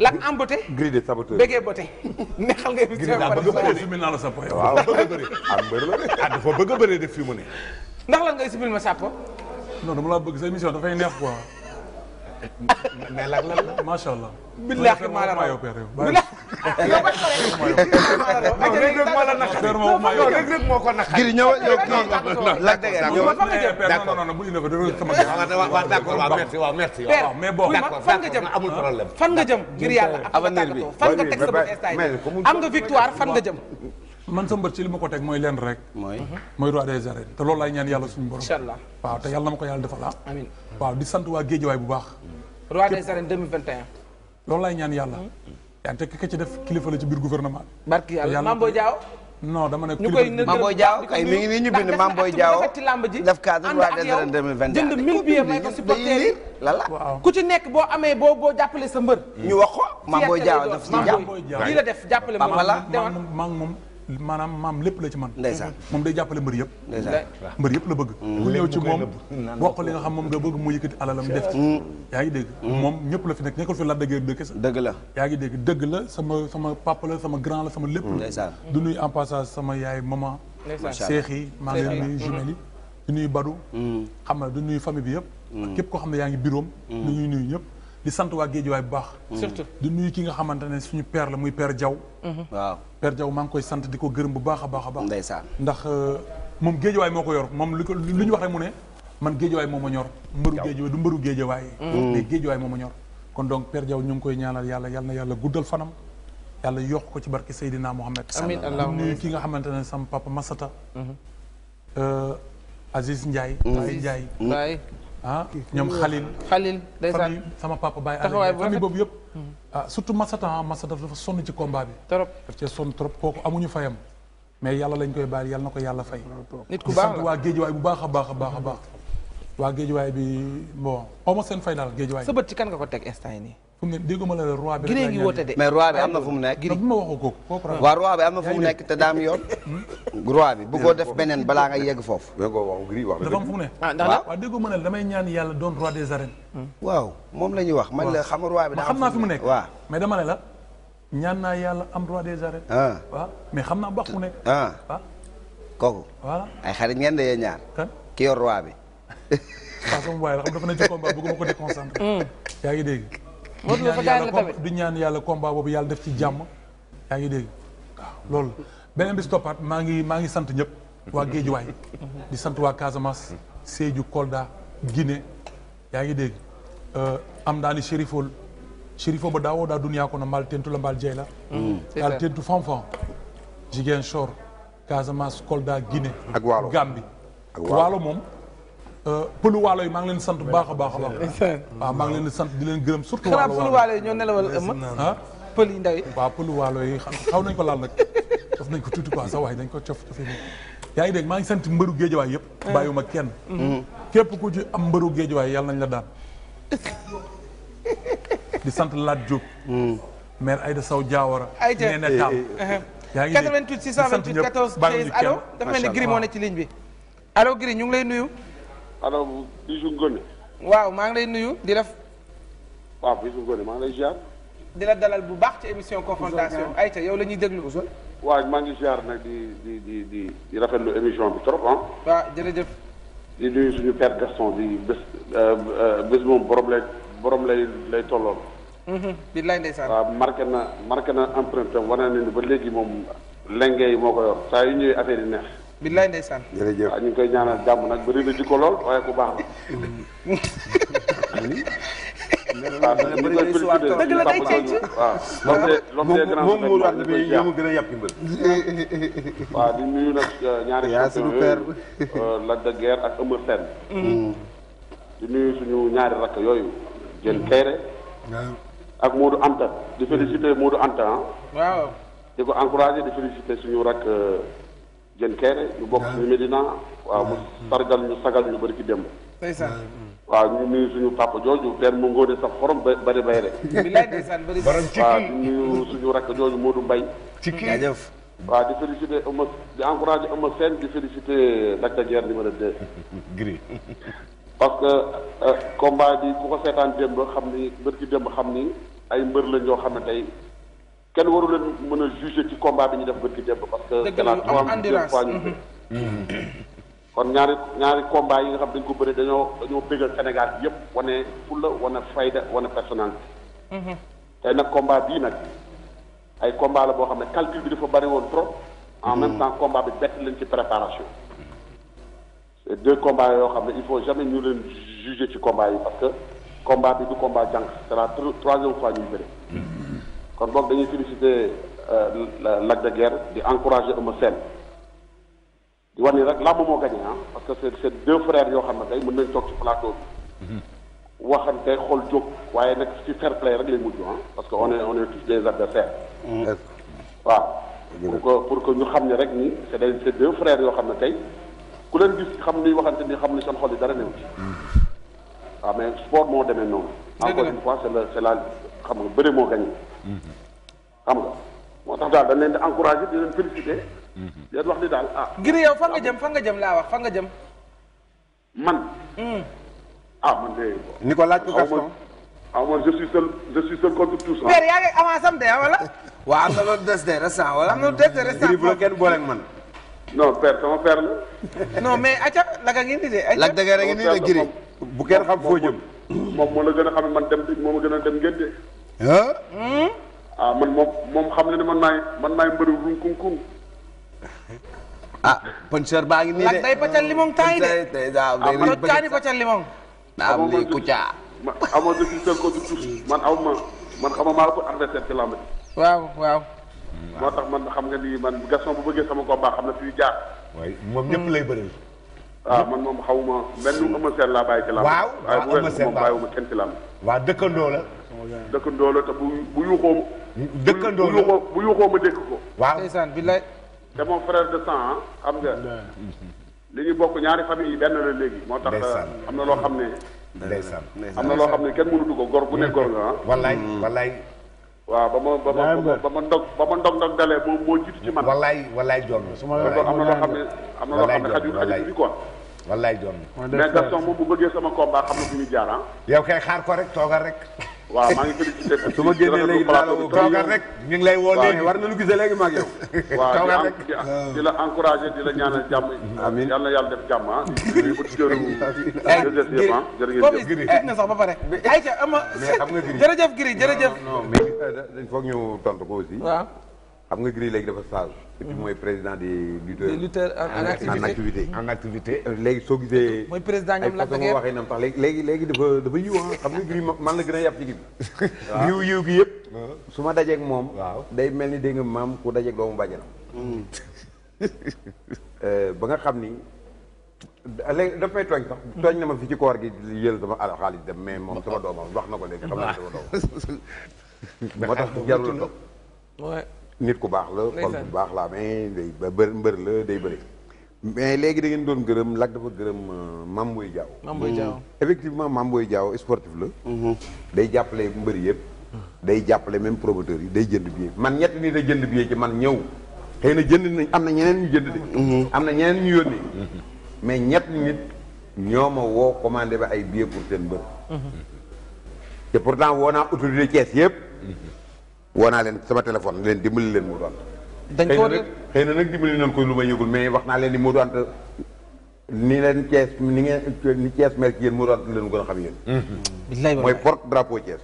[SPEAKER 1] lan am bote. grille de saboteur bëggee bote. neexal nga émission bi bëgg a bëri ah, de naa la sa poche. waaw bëgg a bëri am bëri la de a bëri de fi mu ne. ndax lan nga simil ma sàppo. non dama la bëgg sa émission dafay neex quoi. mais lan lan la macha allah. bilay ak maa la raw bilay yow bañ ko rek. maa la naqari moo ko naqari. ngir ñëw yow non non non. d'accord non non bu ñu defee sama waaw d'accord waaw merci waaw merci. waaw mais bon d'accord fan nga jëm amul problème. fan nga jëm ngir yàlla avenir bi fan nga teg sa bopp instant am nga victoire fan nga jëm. man sa mbër ci li ko teg mooy leen rek. mooy mooy roi des arènes te loolu laay ñaan yàlla suñu borom. incha allah waaw te yàlla na ma ko yàlla defal ah. amiin waaw di sant waa ñaan yàlla. yaa ngi teg ci def kilifa la ci biir gouvernement bi. barki yàlla Mame Boye Diao. non dama ne kilifa ñu koy Mame Boye Diao kay mi ngi nii ñu bind Mame Boye Diao def cadre roi des arènes 2021. jënd 1000 billets may ko supporter yi lala ku ci nekk boo amee boo boo jàppale sa mbër. ñu wax ko Mame Boye Diao daf ci jàpp. lii la def jàppale moom. maanaam maam lépp la ci man moom day jàppale mbër yëpp mbër yëpp la bëgg mm. ku ñëw ci moom wax li nga xam moom nga bëgg mu yëkkati alalam def ci mm. yaa ngi dégg mm. moom ñëpp la fi nekk nekkul fi la dëgg de kese la yaa ngi dégg la sama sama papa la sama grand la sama lépp la du nuy en passage sama yaay maman seex yi maa ngi leen nuyu jumelles du nuy badu xam nga du nuy famille bi yëpp képp koo xam ne yaa ngi biróom nu ñuy nuyu ñëpp di sant waa Géejawaay bu baax. surtout di nuyu ki nga xamante ne suñu père la muy père Diaw. Mhm. waaw père maa ngi koy sant di ko gërëm bu baax a baax a baax. ndeysaan ndax euh, moom Géejawaay moo ko yor moom lu ko lu ñu wax rek mu ne. man Géejawaay moo ma ñor. mbëru Géejawaay du mbëru Géejawaay. Mhm. mais Géejawaay moo ma ñor. kon donc père Diaw ñu ngi koy ñaanal yàlla yàlla na yàlla guddal fanam. yàlla yokk ko ci barke Seydina Mohamed. amiin alhamdulilah nuyu ki nga xamante ne sama papa Masata. Mhm. Euh, Aziz Ndiaye. Aziz Ndiaye. ah ñoom xalil xalil ndeysaan sama papa Baye Alioune famille boobu yëpp hmm. ah surtout Massata ah, Massata dafa sonn ci combat bi trop daf cee sonn trop kooku amuñu fayam mais yàlla lañ koy baal yàlla na ko yàlla fay nit ku baax la waa géejuwaay bu baax a a baax a baax waa géejuwaay bi bon aw ma seen fay daal géejuwaay sa bët ci kan nga ko teg instant yi fu mu ne dégguma la roi bi ngi woote de am na fu nekk. bu ma waxoo ko bi am na fu nekk te daam yoon. Hmm? roi bi bu ko def beneen balaa nga yegg foofu. dafa am fu mu ne. ah ñaan yàlla doon roi des arènes. Hmm. waaw moom la ñuy wax ma la xam roi bi. daa xam naa fi mu nekk waaw mais dama ma la. ñaan naa yàlla am roi des arènes. Ah. waaw mais xam naa baax mu nekk. Ah. waaw kooku. voilà ay xarit ngeen de ñaar. kan ki yor roi bi. waaw sama waay la xam dafa ne ci combat bëgguma ko déconcentré. Hmm. yaa Modou Lo la tamit du ñaan yàlla combat boobu yàlla def ci jàmm yaa ngi dégg waaw loolu beneen bis toppaat maa ngi maa ngi sant ñëpp waa Géejuwaay di sant waa Casamance Sédhiou Kolda Guinée yaa ngi dégg euh, am daani shérifol shérifo ba daawoo daa duniyaa ko na mbaal tentu la mbaal jey la mm. daal tentu fanfan Ziguinchor Casamance Kolda Guinée ak Waalo moom Euh, pëlu waalo yi maa ngi leen sant bu baax a baax a baax waaw maa ngi leen di sant di leen gërëm surtout xanaa pëlu waalo yi ñoo nelawal ah pël yi ndaw yi waaw pëlu waalo yi xaw nañ ko laal nag cof nañ ko tuuti quoi sax waaye dañ ko cof cofe yaa ngi dégg maa ngi sant mbëru géejawaay yëpp bàyyiwuma kenn mhm. képp ku ci am mbëru waay yàlla nañ la daan di sant Lat Diop ay da saw Diawara nee na taal yaa ngi 88 628 14 13 allo dafa mel ni Gris a ne ci ligne bi allo Gris ñu ngi lay nuyu ana Bijou Ngoné. waaw maa ngi lay nuyu di la. waaw Bijou Ngoné maa ngi lay ziar. di la dalal bu baax ci émission confrontation ayca yow la ñuy déglu. waa maa ngi ziar nag di di di di di rafetlu émission bi trop ah. jërëjëf. di nuyu suñu père Gaston di bés euh, euh, bés moom borom lay borom lay lay tolloon. Mhm, bi lay ndeysaan. waaw marqué na marqué na empreinte wane na ni ba léegi moom lenge yi moo ko yor saa yu ñëwee affaire yi neex. billaay ndeysaan. jërëjëf waaw ñu ngi koy ñaanal jàmm nag bëri na jikko lool waaye ku baax la. dëgg la day ceeb ci waaw. moom moom wax dëgg yow mu gën a yàpp mbër. waaw di nuyu nag euh, ñaari. yaa suñu père euh, Lac de Guiers ak Eumeu Sène. Mm. di nuyu suñu ñaari rakk yooyu. jën mm. kayre. ak Modou Anta. di féliciter mm. Modou Anta ah. waaw. di ko encourager di féliciter suñu rakk. Euh, jën keere ñu bokk ñu ah. Medina waaw mu ah. sargal ñu sagal ñu bari ki démb ah. waaw ñu nuyu suñu papa jooju benn mu ngóone sax xorom ba bari bay rek waaw di nuyu suñu rakk jooju Modou Mbaye ci kii di félicité Eumeu di encouragé Eumeu Sène di félicité Lac de parce que euh, combat bi ku xam ni bari ki démb xam ni ay mbër la joo xam ne tey kenn waru mën a juger ci combat bi ñu def bërki démb parce que c'est la troisième fois ñu mhm. kon ñaari ñaari combat yi nga xam dañ ko bëri dañoo dañoo bëggal Sénégal yëpp wane fulla wane fayda wane personnalité mhm. tey nag bii nag ay la boo xam ne calcul bi dafa bëri woon trop en même temps combat bi bett leen ci
[SPEAKER 3] yoo xam ne il ñu leen juger ci que combat bi du la troisième fois bëri kon boog dañuy félicité euh, Lac de Guiers
[SPEAKER 1] di encouragé Eumeu Sène di wax ni rek làmb moo gagné ah parce que c'est c'est deux frères yoo xam ne tey mën nañ toog ci plateau bi mhm. waxante xool jóg waaye nag ci fair play rek lay mujj ah parce que on est on des adversaires mhm. waaw pour que pour que ñu xam ni rek ni c'est des c'est deux frères yoo xam ne tey ku leen gis xam ni waxante ni xam ni seen xol yi dara néew ci waaw mhm. ah, mais sport moo demee noonu encore une fois c'est la xam nga bëri moo gañe xam nga moo tax daal dañ leen di encouragé di leen félicité leen wax ni daal ah Gris yow fan nga jëm fa nga jëm laa wax fa nga jëm man hmm. ah man de ni ko laaj ko Gaston ah man je suis seul je suis seul contre tous. Ah. père yaa ngi ah, bu kenn boole man. non père sama père la. non mais acca laga ngi nii de. acca lag dëgg rek nii de giri bu kenn xam foo jëm. moom moo la gën a xam man dem moo a gën a dem ngénte. Ah, ah man moom moom xam na ne man maay man maay mbëri ruŋkuŋkuŋ. ah poncheur baa ngi nii de. Ah, day pàccal limon temps yi de. day daa day lii bëri sax pàccal limon. naam lii kucaa. ma amoo de si ko du man aw ma man xam maa la ko adversaire waaw waaw. moo tax man xam nga ni man gaston bu bëggee sama combat xam na fi jaar. moom ñëpp lay bëril. ah man moom xaw ma benn Eumeu Sène laa bàyyi ci làmb. waaw waaw Eumeu Sène waaw bàyyiwuma kenn ci làmb. waaw dëkkandoo la. te bu bu yuuxoo. dëkkandoo la bu yuuxoo ma dëkk ko. waaw ndeysaan bi lay. te moom frère de sang ah, xam nga. li bokk ñaari famille yi benn léegi. moo tax ah, am na loo xam ne. ndeysaan am na loo xam ne kenn mënatu ko gor bu ne mm. gor nga ah. wallaay mm. wallaay. waaw ba ma ba ma ba ma ndog ba ma ndog ndog dalee moom moo jiitu ci man. wallaay wallaay joon na suma ma am na loo xam ne am na loo xam ne xajul xajul bi quoi. wallaay joon na. mais Gaston moom bu bëggee sama combat xam na fi ñu jaar ah. yow kay xaar ko rek toogal rek. waaw maa ngi félicité su ma génnee léegi naa la woo toogal rek ñu ngi lay woo léegi war na lu gisee léegi maag yow waaw di la encouragé di la ñaanal jàmm amiin yàl na yàlla def jàmm ah ñu auditeurs yi jërëjëf ah. giri na sax ba pare ayca ama jërëjëf giri jërëjëf ja mais euh, il faut ñu tontu ko aussi waaw xam nga Gris léegi dafa stage. Mhm. mooy président des lutteurs. des en activité en activité. Mhm. en activité léegi soo gisee. mooy président ñoom la nga waxee nam sax léegi léegi léegi dafa dafa yiw ah xam nga Gris man la gën a yàpp ci kii bi. yiw gi yëpp. su ma dajeeg moom. day mel ni dégg nga maam ku dajeeg doomu bàjjanam. Mm. Euh, ba nga xam ni. léegi daf may tooñ sax mm. tooñ na ma fi ci koor gi yël sama alal xaalis dem mais moom sama doomam wax na ko léegi xam naa sama doomam. moo tax jarul toog. nit ku baax la. xol bu baax laa amee day ba bër mbër la day bëri. mais léegi da ngeen doon gërëm Lac dafa gërëm euh, Mame Boye Diao. Mame Boye Diao mm. effectivement Mame Boye Diao sportif la. Mm-hmm. day jàppale mbëri yëpp. day jàppale même promoteur yi day jënd billet man ñetti nit a jënd bi ci man ñëw. xëy na jënd nañ am na ñeneen ñu jënd de. Mm-hmm. am na ñeneen ñu yoon yónnee. mais ñett nit ñoo ma woo commandé ba ay billets pour seen mbër.
[SPEAKER 2] Mm-hmm.
[SPEAKER 1] te pourtant woo naa autorité Thiès yëpp. woo naa leen sama téléphone leen dimbali leen Modou Anta. dañ ko xëy na nag dimbali nañ ko lu ma yëgul mais wax naa leen ni Modou Anta ni leen Thiès ni ngeen ni Thiès mer ci yéen Modou Anta leen gën a xam
[SPEAKER 2] yéen.
[SPEAKER 1] mooy porte drapeau Thiès.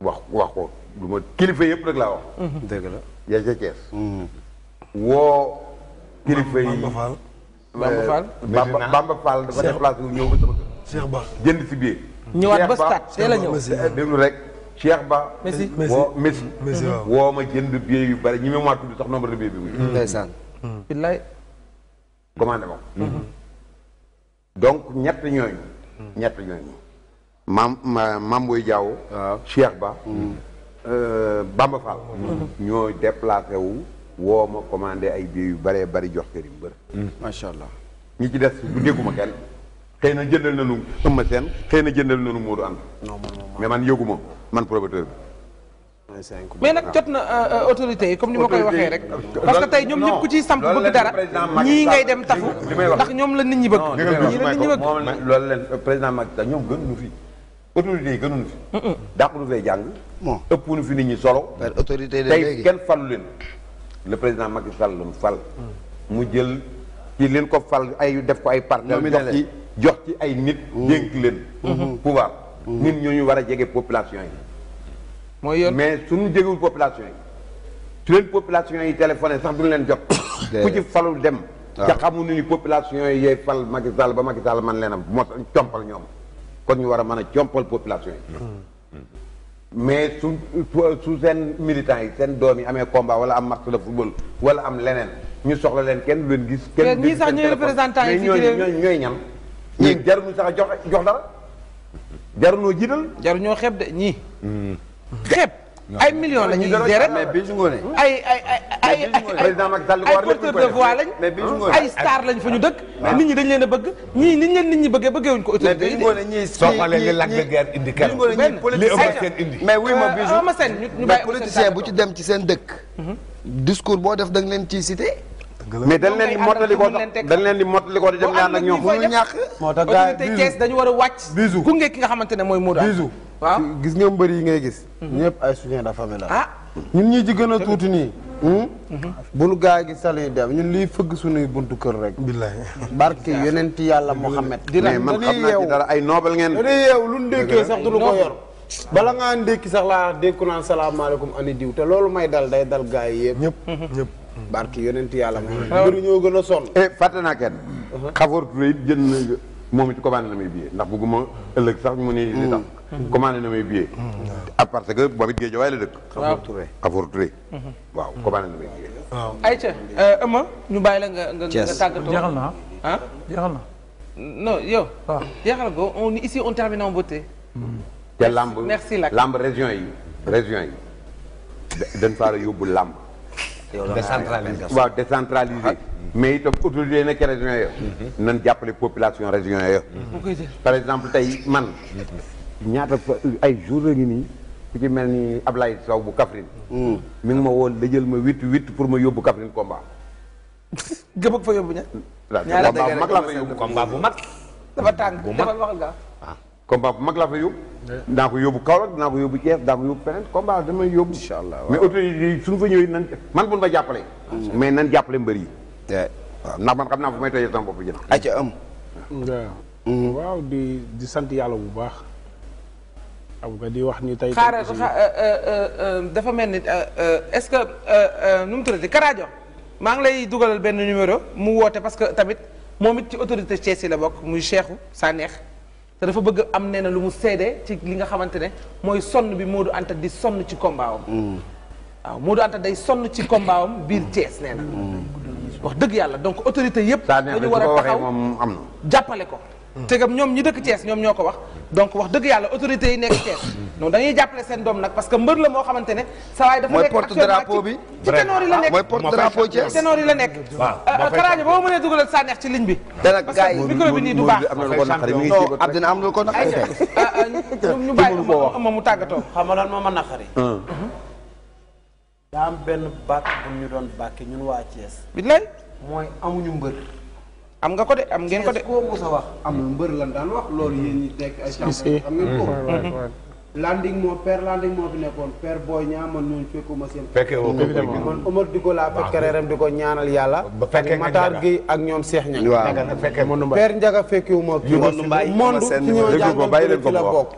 [SPEAKER 1] wax wax ko ma kilifa yëpp rek laa wax. Mhm. dëgg la yaa mhm. woo. kilifa yi Bamba Fall. Euh, Bamba Fall Bamba Fall dafa déplacé wu ñëw ba sama kër. Cheikh jënd si biir. ñëwaat ba stade teel a ñëw eh, déglu rek. Cheikh Ba. Messi woo Messi. Mm-hmm. woo ma jënd billet yu bari ñi ma maa tudd sax nombre de billet bi muy. ndeysaan. Mm-hmm. billaay. commandé ma mm-hmm. donc ñett ñooñu. ñett ñooñu. mam maam Boy Diaw. waaw Cheikh Ba. Euh, Bamba Fall. ñoo déplacé wu woo ma commandé ay billet yu baree bari jox kërim bër macha allah ñi ci des bu dégguma kenn. xëy na jëndal nañu ëmma seen xëy na jëndal nañu Modou Anta. non mais man yëguma man promoteur bi. mais nag jot na euh, euh, autorité yi comme ni ma koy waxee rek. parce que tey ñoom ñëpp ku ciy samp bëgg dara ñii ngay dem tafu. ndax ñoom la nit ñi bëgg. ñii la nit ñi bëgg loolu leen président Macky Sall ñoom gënuñu fi. autorité yi gënuñu fi. dàq nu fee jàng. bon ëpp nu fi nit ñi solo. autorité tey kenn falu leen. le président Macky Sall fal.
[SPEAKER 2] Mm.
[SPEAKER 1] mu jël ci leen ko fal ay def ko ay partenaires. jox ci ay nit. Mmh. dénk leen. Mmh. pouvoir mmh. nit ñoo ñu war a jege population yi. mooy yoon mais suñu jegewul population yi. su leen population yi téléphone sax duñu leen jot. ku ci falul dem. waaw ah. te xamuñu ni population yi yee fal Macky Sall ba Macky Sall man leen am moo compal ñoom kon ñu war a mën a compal population yi. mais su su seen militants yi seen doom yi amee combat wala am match de football wala am leneen ñu soxla leen kenn du leen gis. kenn du leen gis seen téléphone mais ñooy ñooy ñan. ñii jaruñu sax jox jox dara jaruñoo jiital. jaruñoo xeeb de ñii. xeeb. ay millions la ñuy gisee rek mais Bijou Ngoné ay ay ay président Macky Sall ay porteur de voix lañ. ay star lañ fa ñu dëkk. Ah. nit ñi dañ leen a bëgg. ñii niñ leen nit ñi bëggee bëggee ko autorité yi de. mais li Lac de Guiers indi keroog. li ma euh, Bijou mais politicien bu ci dem ci seen dëkk. discours boo def da nga leen ciy cité. mais dañ leen di mottali ko dañ leen di mottali ñàkk moo tax gars yi dañu war a wàcc bisu gunge ki nga xamante ne mooy Modou bisu waaw gis nga mbër yi ngay gis mhm. ñëpp ay soutien de famille la ah ñun ñi ci gën a tuuti nii hmm? mhm. bu bunu gaa yi gi sali dem ñun liy fëgg suñuy buntu kër rek billahi barke yonent yàlla Muhammad mais man xam naa ay noobal ngeen dañuy yeew lu ndékkee sax du lu ko yor bala ngaa ndékki sax laa dékku naan salaamaaleykum ani diw te loolu may dal day dal gaa yi yëpp ñëpp mhm. ñëpp barki yonent yàlla moom. Ah. bëri ñoo gën a sonn. eh fàtte naa kenn. xafoor uh-huh. Touré it moom it commandé na may billet ndax bëgguma ëllëg sax mu ne li tax. Mm. Mm-hmm. commandé na may billet. Mm-hmm. ah parce que boobu it Géejawaay la dëkk. xafoor Touré mm-hmm. waaw commandé na may billet. waaw ayca euh, Eumeu ñu bàyyi la nga nga nga tàggatoo na ah jeexal na. non yow. waaw jeexal ko on ici on termine en beauté. Mm. te lamb lamb région yi région yi dañ faa yóbbu lamb. décentralisé waaw décentralisé ah. mais itam autorité nekk région yo mm-hmm. nan jàppale population région yo mm-hmm. par exemple tey man mm-hmm. ñaata ay jour a ngi nii ku ci mel ni Ablaye Sow bu Kaffrine mm. mi ngi ma woon la jël ma huit huit pour ma yóbbu Kaffrine combat gëbëg fa yóbbu ña ñaar mag la fa yóbbu combat bu mag dafa tàng dafa waxal combat bu mag laa fa yóbbu. dinaa ko yóbbu Kaolack dinaa ko yóbbu ko yóbbu feneen combat dama yóbbu. incha allah mais autorité yi suñu fa ñëwee nan man bu ma mais nan jàppale mbër yi. waaw man xam naa fu may tojee sama bopp ji na. ca am. Mm. waaw di di sant yàlla bu baax. am di wax ni tey. xaaral euh, euh, euh, dafa mel ni est-ce que nu mu tuddati Karajo maa ngi lay dugalal benn numéro mu woote parce que tamit moom it ci autorité Thiès yi la bokk muy Cheikhou Sanex. te dafa bëgg am nee na lu mu seede ci li nga xamante ne mooy sonn bi moo du Anta di sonn ci combat am mm. waaw Modou Anta day sonn ci combat am biir Thiès nee mm. wax dëgg yàlla donc autorité yëpp dañu war a taxaw jàppale ko Mm. tegam ñoom ñi dëkk Thiès ñoom ñoo ko wax donc wax dëgg yàlla autorité yi nekk Thiès non dañuy jàppale seen doom nag parce que mbër la moo xamante ne sa waay dafa nekk porte drapeau bi ah, ci ténor yi la nekk yi ah, boo mënee bi parce que micro bi nii du baax am na lu ko naqari mi ngi ci
[SPEAKER 3] am na lu ko naqari
[SPEAKER 1] ñu bàyyi ma mu tàggatoo xam nga lan moo ma naqari daa am benn bàkk bu ñu doon bàkki ñun waa Thiès billaay mooy amuñu mbër am nga ko de am ngeen ko de. koo a wax amul mbër lan daan wax loolu yéen ñi teg ay. champion am ngeen landing moo père landing moo fi nekkoon père booy ñaa man ñooñu fekkuma seen. woo ko man di ko laa fekk reeram di ko ñaanal yàlla. ba fekkee nga Matar gi ak ñoom Cheikh Niang. waaw fekkee Mondou Mbaye père Ndiaga fekkiwuma. kii Mondou Mbaye Mondou ci la bokk.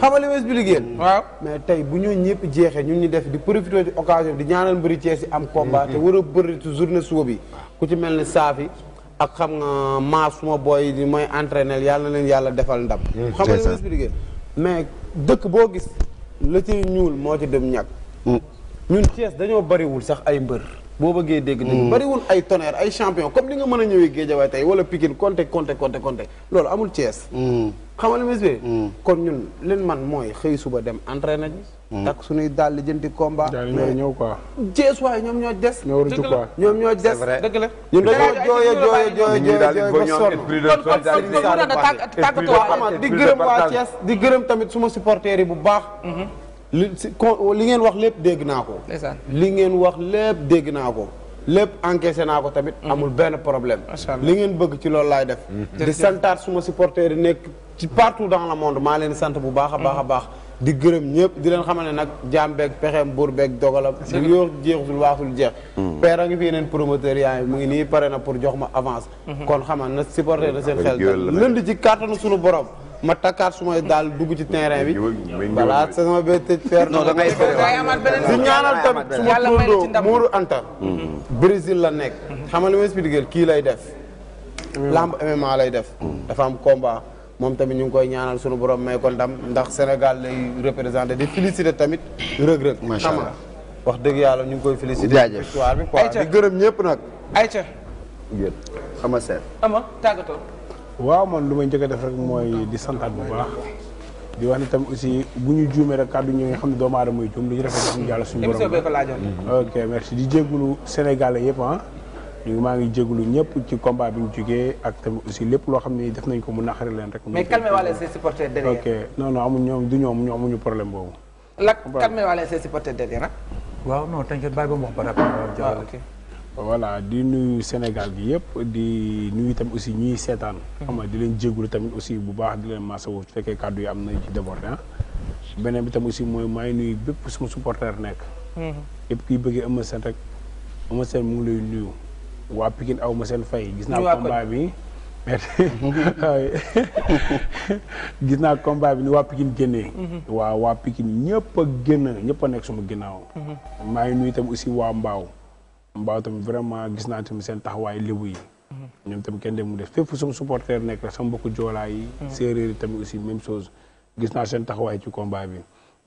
[SPEAKER 1] xamal li bi liggéeyal. waaw mais tey bu ñoo ñëpp jeexee ñu ñu def di profité ci occasion di ñaanal mbëri Thiès yi am combat mm-hmm. te war a bëri journée suba bi ku ci mel ni Safi ak xam nga maa suma booy di mooy entraîner yàlla na leen yàlla defal ndam. Mm, xam nga expliqué mais dëkk boo gis la ci ñuul moo ci dem ñag mm. ñun Thiès dañoo bariwul sax ay mbër. boo bëggee dégg dañu mm. bariwul ay tonnerre ay champion comme li nga mën a ñëwee Guédiawaye tey wala Pikine Konte Konte Konte Konte loolu amul Thiès. xamal mis bi kon ñun leen man mooy xëy suba dem entraîné ji tak suñuy daal jënti combat mais ñëw quoi jees waaye ñoom ñoo des ñoom ñoo des dëgg la ñu dañoo jooye jooye jooye jooye ba di gërëm waa Thiès di gërëm tamit suma supporters yi bu baax li li ngeen wax lépp dégg naa ko li ngeen wax lépp dégg naa ko lépp encaissé naa ko tamit. Mm-hmm. amul benn problème. li ngeen bëgg ci loolu laay def. Mm-hmm. di santaat suma supporters nekk ci partout dans le monde maa leen sant bu baax a baax a mm-hmm. baax. di gërëm ñëpp di leen xamal ne nag jaam beeg pexeem buur beeg dogalam. di yoo jeex jeexul waasul jeex. père a ngi fi yeneen promoteur yaa ngi mu ngi nii pare na pour jox ma avance. kon xamal na supporter na seen xel. lënd ci kàttanu suñu borom. ma takkaat suma daal dugg ci terrain
[SPEAKER 3] bi. balaa
[SPEAKER 1] saison bee tëj fer. non da ngay si ñaanal tamit su ma turandoo Mourou Anta. Mm-hmm. Brésil la nekk. xam nga li ma expliqué kii lay def. Mm-hmm. lamb MMA lay def. Mm-hmm. dafa am combat. moom tamit ñu ngi koy ñaanal sunu borom may ko ndam ndax Sénégal lay représenté di félicité tamit rëg-rëg macha wax dëgg yàlla ñu ngi koy félicité victoire bi quoi di gërëm ñëpp nag ayca ama ama tàggatoo waaw man lu may njëkk a def rek mooy di santaat bu baax di wax ne tam aussi bu ñu juumee rek kàddu ñu nga xam ne doomu aadama yi juum li ñu rafet am jàll suñu borom ok merci di jégalu Sénégalais yëpp ah ñu ngi maa ngi jégalu ñëpp ci combat bi ñu jugee ak tamit aussi lépp loo xam ne def nañ ko mu naqari leen rek mais calmez wala ses supporters derrière ok non non amuñ ñoom du ñoom ñu amuñu problème boobu la calmez wala ses supporters derrière ah. waaw non t'inquiète bàyyi ba mu wax ba voilà di nuyu Sénégal gi yëpp di nuyu itam aussi ñuy seetaan. Hmm. xam di leen jégalu tamit aussi bu baax di leen masawu fekkee kàddu yi am na ci débordé ah. beneen bi tam aussi mooy maay nuyu bépp suma supporter nekk. Hmm. yëpp kiy bëggee Eumeu Sène rek Eumeu Sène mu ngi gis naa combat bi gis naa combat bi ni waa Pikine génnee. Hmm. waa waa Pikine ñëpp a génn nekk suma ginnaaw. maa ngi nuyu itam aussi waa Mbaaw. mbaaw tamit vraiment gis naa tamit seen taxawaay lébu yi ñoom tamit kenn dem mu def fépp sama supporter nekk rek sama mbokku joolaa yi hmm. séeréer yi tamit aussi même chose gis naa seen taxawaay ci combat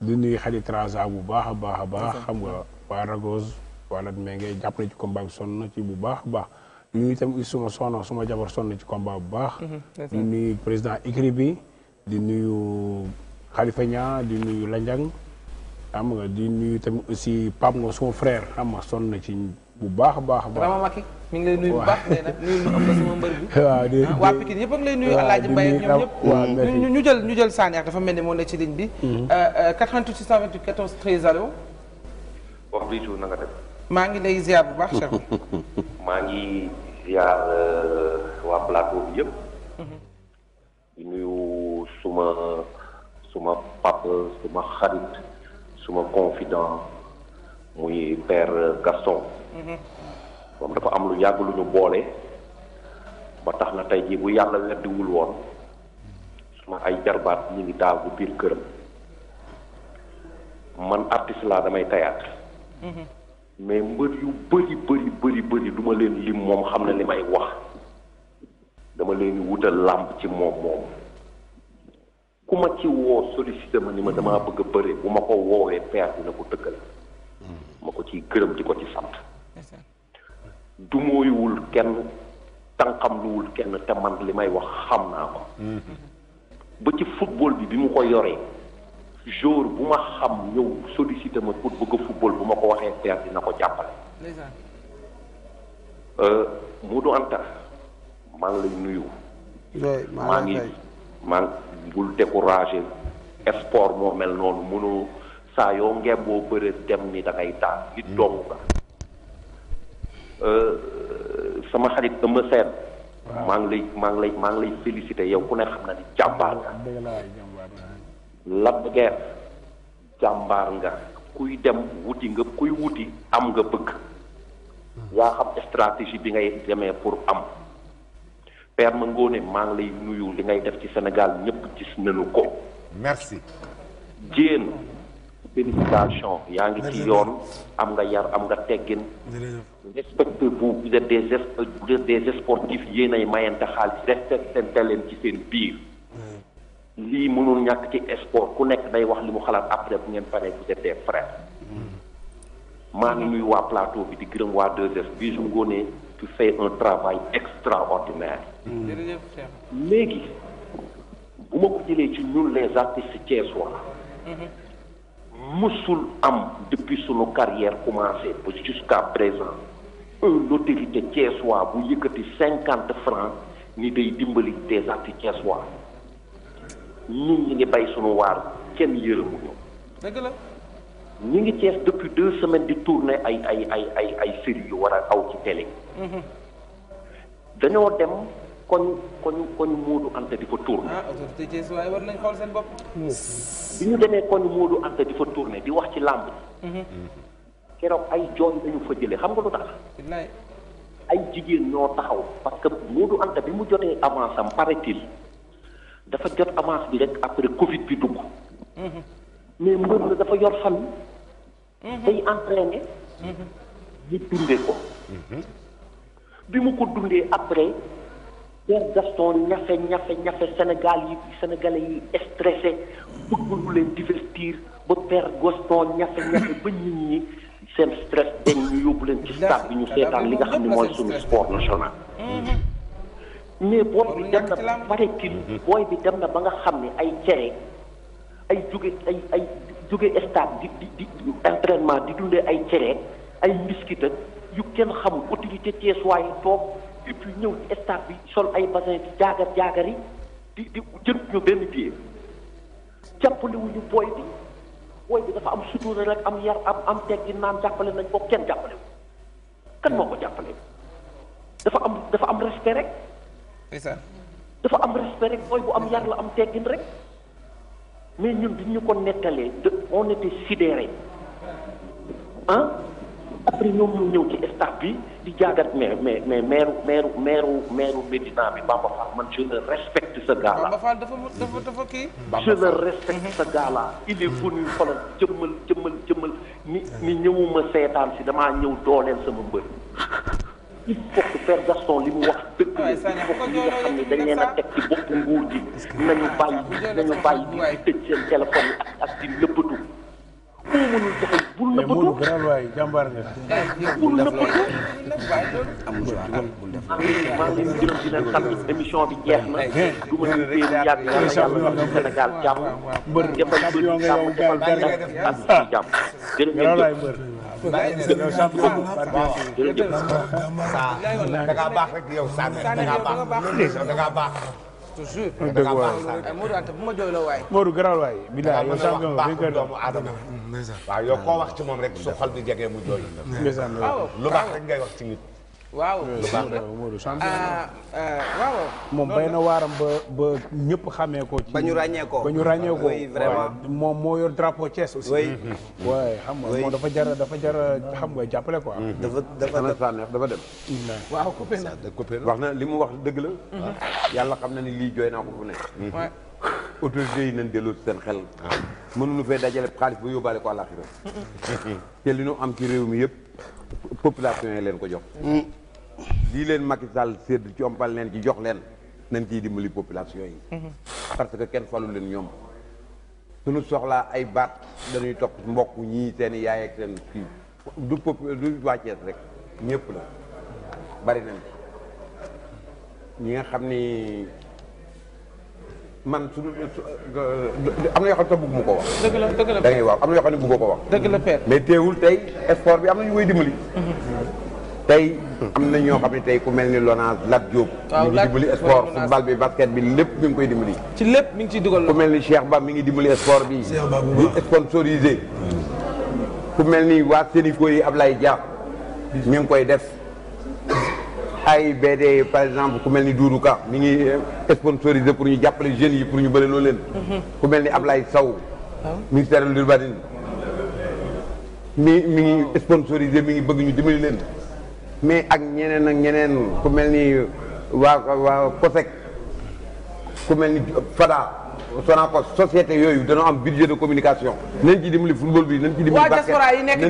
[SPEAKER 1] di nuyu xarit Raza bu baax a baax baax xam nga waa Ragos wala mais ngay jàpp na ci combat na ci bu baax a ñu ngi tamit suma sono suma jabar sonn ci combat bu baax hmm, hmm, di nuyu président écrit bi di nuyu Khalifa Niang di nuyu Lanjang xam nga di nuyu tamit aussi Pape nga suma frère xam nga sonn na ci bu baax a baax. Rama Maki mi ngi lay nuyu bu baax nee na nuyu ma am na sama bi. waaw di di waa Pikine yëpp lay nuyu. Alaaji Mbaye ak ñu jël ñu jël Saniakh dafa mel ni moo nekk ci ligne bi. 88 628 14 13 allo. maa ngi lay ziar bu baax Cheikh.
[SPEAKER 3] maa ngi ziar euh, waa plateau bi mhm. suma suma suma xarit suma confident muy père Gaston. moom dafa am lu yàgg lu ñu boole ba tax na tey jii bu yàlla weddiwul woon suma ay jarbaat ñu ngi daal bu biir këram man artiste laa damay tayaat mais mbër yu bëri bëri bëri bëri du leen lim moom xam na li may wax dama leen wutal làmb ci moom moom ku ma ci woo sollicité ma ni ma dama bëgg a bëri bu ma ko woowee père dina ko dëggal ma ko ciy gërëm di ko ci sant du kenn tànqam luwul kenn te man li may wax xam naa ko mm-hmm. ba ci football bi bi mu ko yoree jour bu ma xam ñëw sollicité ma pour bëgg football bu ma ko waxee père dina ko jàppale euh, Modou Anta maa ngi lay nuyu maa ngi maa ngi bul découragé sport moo mel noonu mënoo saa yoo boo bëre dem ni da daan nit dong nga Euh, sama xarit Eumeu Sène maa ngi lay maa ngi lay maa ngi lay félicité yow ku ne xam na ni jàmbaar nga Lac jàmbaar nga kuy dem wuti nga kuy wuti am nga bëgg hmm. yaa xam stratégie bi ngay demee pour am Père Ma Ngoné maa ngi lay nuyu li ngay def ci Sénégal ñëpp gis nañu ko merci jéen vérification yaa ngi ci yoon am nga yar am nga teggin respecté vous vous êtes des vous êtes des sportifs yéen ay mayante ci seen biir lii mënul ñàkk ci sport ku nekk day wax li mu xalaat après bu ngeen paree vous êtes des mm. maa ngi nuyu waa plateau bi di gërëm waa 2S bii su ngoonee tu fais un travail extraordinaire
[SPEAKER 1] mm. léegi
[SPEAKER 3] bu ma ko jëlee ci ñun les artistes thiessois mm-hmm. musul am depuis sunu carrière commencé ba jusqu'à présent un autorité thiessois bu yëkkati cinquante francs ni day dimbali des artistes thiessois ñun ñi ngi bay sunu waar kenn yërëmu ñu dëgg ñu ngi Thiès depuis deux semaines di tourner ay ay ay ay ay série yu war a aw ci télé mhm. dañoo dem koñu koñu koñu Moodu Anta di fa tourné.
[SPEAKER 1] ah war nañ xool seen bopp.
[SPEAKER 3] bi ñu demee koñu Moodu Anta di fa tourné di wax ci làmb. Mhm. keroog ay jooy dañu fa jëlee xam nga lu tax. ay jigéen ñoo taxaw parce que Moodu Anta bi mu jotee avance am paraît dafa jot avance bi rek après Covid bi dugg. Mhm. mais mbër la dafa yor fan. Mhm. day entraîné. ñu dundee ko. bi mu ko dundee après. Père Gaston ñafe ñafe ñafe Sénégal yi Sénégalais yi stressé bëgg lu leen divertir ba Père Gaston ñafe ñafe ba nit seen stress dañ ñu yóbbu leen ci stade bi ñu seetaan li nga xam ne mooy suñu sport national. Mhm. mais booy bi dem na paraît-il mhm. booy bi dem na ba nga xam ni ay cere ay jóge ay ay jóge stade di di di di dundee ay cere ay mbiskit yu kenn xamul autorité teesuwaay toog. et ñëw ci stade bi sol ay bassin di jaagar jaagar yi di di jënd ñu benn billet jàppale wuñu booy bi booy bi dafa am sutura rek am yar am am teggi naan jàppale nañ ko kenn jàppale wu kan moo ko jàppale dafa am dafa am respect rek. dafa am respect rek booy bu am yar la am teggin rek mais ñun bi ñu ko nettalee on était sidéré ah. après ñoom ñoo ñëw ci staff bi di jaagat mais mais mais maire maire maire maire Médina bi Bamba Fall man je le respecte ce gars là. Bamba
[SPEAKER 1] Fall dafa dafa dafa kii.
[SPEAKER 3] je le respecte mhm. ce gars là. il est venu xoolal jëmmal jëmmal jëmmal ni ni ñëwuma seetaan si damaa ñëw dooleel sama mbër. il faut que Père Gaston li mu wax dëgg la il faut que ñi nga xam ne dañ leen a teg ci bopp nguur gi nañu bàyyi nañu bàyyi di tëj seen téléphone yi ak ak di nëbbatu.
[SPEAKER 1] ku mu mënul joxe bul nëbbatu mais mënul grand waay jàmbaar nga.
[SPEAKER 3] bul nëbbatu. amul choix bul def maa ngi leen di gërëm di leen xam émission bi jeex na. du ma leen téye yàgg yàlla yàlla na Sénégal jàmm.
[SPEAKER 1] mbër defal mbër yi jàmm defal
[SPEAKER 3] mbër yi jàmm. jërëjëf jërëjëf.
[SPEAKER 1] jërëjëf. da ngaa baax rek yow Sane da ngaa baax da ngaa baax. toujours. dëgg waay Modou Anta bu ma jooyloo waay. Modou gëral waay. bilaay yow champion bi kër doomu aadama. waaw yow koo wax ci moom su xol bi jegee mu jooy. lu baax ah, rek ngay wax ci nit. waaw lu baax la ah, ah, waaw. moom bay na waaram ba ba ñëpp xamee ko. ba ñu ràññee ba ñu ràññee ko. vraiment moom moo yor drapeau Thiès aussi. oui xam nga moom dafa jar dafa jar xam nga jàppale quoi. Mm-hmm. dafa dafa neex dafa dem. waaw coupé na wax na li mu wax dëgg la. Mm-hmm. yàlla xam na ni lii jooy naa ko fu nekk. Mm-hmm. autorités yi nañ delloo seen xel. mënuñu fee dajale xaalis bu yóbbaale ko àllaaxira te li am ci réew mi yëpp population yi leen ko jox. lii leen Macky Sall sédd ci ompal leen ci jox leen nañ ciy dimbali population yi. Mhm. parce que kenn falu leen ñoom. suñu soxlaa ay baat dañuy topp mbokk ñii seen i seen kii du pop du rek ñëpp la bari nañ ñi nga xam ni man suñu euh, am na yoo xam ne mu ko wax. dëgg la dëgg la da ngay wax am na yoo xam ne bëggoo ko wax. mais teewul tey sport bi am na ñu koy dimbali. Mhm. tey am na ñoo xam ne tey ku mel ni Lonase Lat Diop. mi ngi dimbali sport football bi basket bi lépp mi ngi koy dimbali. ci lépp mi ngi ciy dugal ku mel ni Cheikh Ba mi ngi dimbali sport bi. Cheikh Ba bu baax sponsorisé. ku mel ni waa Sénico yi lay ja mi ngi koy def. ay BD par exemple ku mel ni Doudou Ka mi ngi eh, sponsorisé pour ñu jàppale jeunes yi pour ñu bëri loolu leen. ku mel ni ab Sow. saw de l'urbanisme mi mu ngi sponsorisé mi ngi bëgg ñu dimbali leen. mais ak ñeneen ak ñeneen ku mel ni waa waa COSEC ku mel ni Fada Sonacos société yooyu dañoo am budget de communication. nañ ci dimbali football bi nañ ci dimbali. basket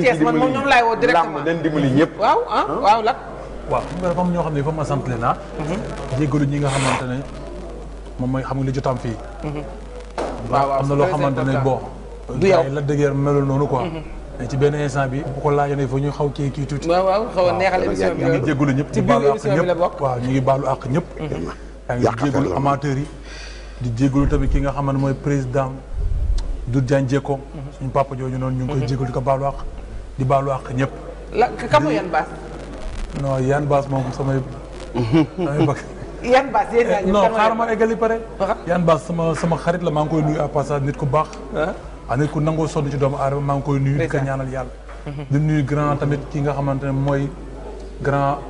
[SPEAKER 1] diaspora dimbali ñëpp. waaw ah waaw lan. waaw xam nga dafa am ñoo xam ne dafa ma sant leen ah. Mhm. jéggalu ñi nga xamante ne moom mooy xam nga li jotam fii. Mhm. waaw am na loo xamante ne bon. du yow la dëgër melul noonu quoi. Mhm. ci benn instant bi bu ko laajoon fa ñu xaw kii kii tuuti. waaw waaw xaw a neexal bi ñu ngi jégalu ñëpp. ci biir émission bi la bokk waaw ñu ngi baalu àq ñëpp. Mm-hmm. yi. di jégalu tamit ki nga xamante mooy président Doudou Diagne Diécko. Mm-hmm. suñu noonu ñu ngi koy mm-hmm. jégalu di ko baalu àq. di baalu àq ñëpp. la kamu yan baas. non yan baas moom samay. xaaral ma eggali pare. Uh-huh. yan baas sama sama xarit la maa ngi koy nuyu à nit ku baax. Uh-huh. waa nit ku nangoo sonn ci doomu aadama maa ngi koy nuyu di ko ñaanal yàlla mhm. di nuyu grand tamit ki nga xamante ne mooy grand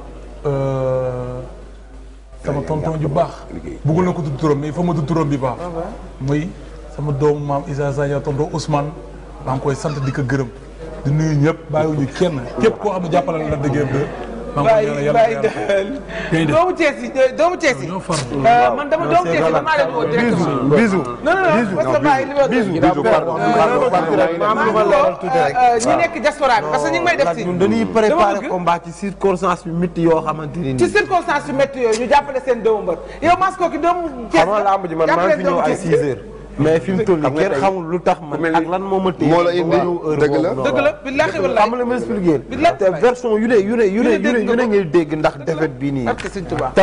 [SPEAKER 1] euh, sama tonton ju baax bëggul na ko tudd turam mais il faut ma tudd bi baax ah muy sama doomu maam Issa Sagna tonton Ousmane maa ngi koy sant di ko gërëm di nuyu ñëpp bàyyiwuñu kenn képp koo xam ne jàppale la dëggee de bàyyi bàyyi daal doomu Cees yi doomu Cees yi. Euh, man dama doomu Cees yi damaa leen woo directement. bisou non non parce que bàyyi li ma. bisou pardon euh, euh, ñi nekk diaspora bi parce que ñu ngi may def si. ñun dañuy préparer combat ci circonstance yu métti yoo xamante ni. ci circonstance yu métti yooyu ñu jàppale seen doomu mbër yow Mascoki doomu Cees. jàppale doomu Cees mais fi mu toll nii kenn xamul lu tax man ak lan moo ma téye. moo a indi la dëgg la billaahi la ma expliquer te version yu ne yu ne yu ne yu ne ngay dégg ndax defet bii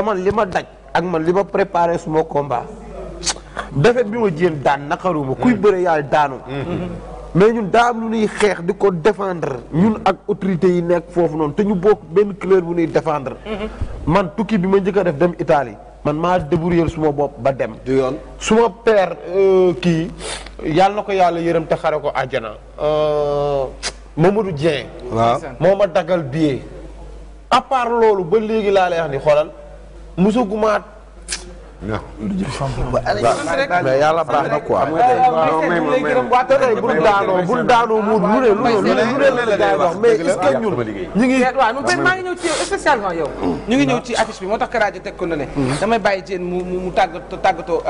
[SPEAKER 1] man li ma daj ak man li ma préparé suma combat. defet bi ma jéem daan naqaruma kuy mm. bëre yàlla daanu. Mm. mais ñun daa lu xeex di ko défendre ñun ak autorités yi nekk foofu noonu te ñu bokk benn couleur bu nuy defendre mm-hmm. man tukki bi ma njëkk a def dem Italie. man maa débrouiller suma bopp ba dem. du yoon suma père euh, kii yàlla na ko yàlla yërëm te xare ko àjjana. Euh, Mamadou Dieng. waaw moo ma daggal billet. à part loolu ba léegi laa lay wax ni xoolal mosaguma. mais yàlla baax na quoi. bu daanoo bu daanoo mu lu ne lu ne lu ne la gars wax mais est-ce que ñun ñu ngi. waaw man maa ngi ñëw ci yow spécialement yow. ñu ngi ñëw ci affiche bi moo tax Karajo teg ko ne ne. damay bàyyi jéen mu mu tàggatoo tàggatoo.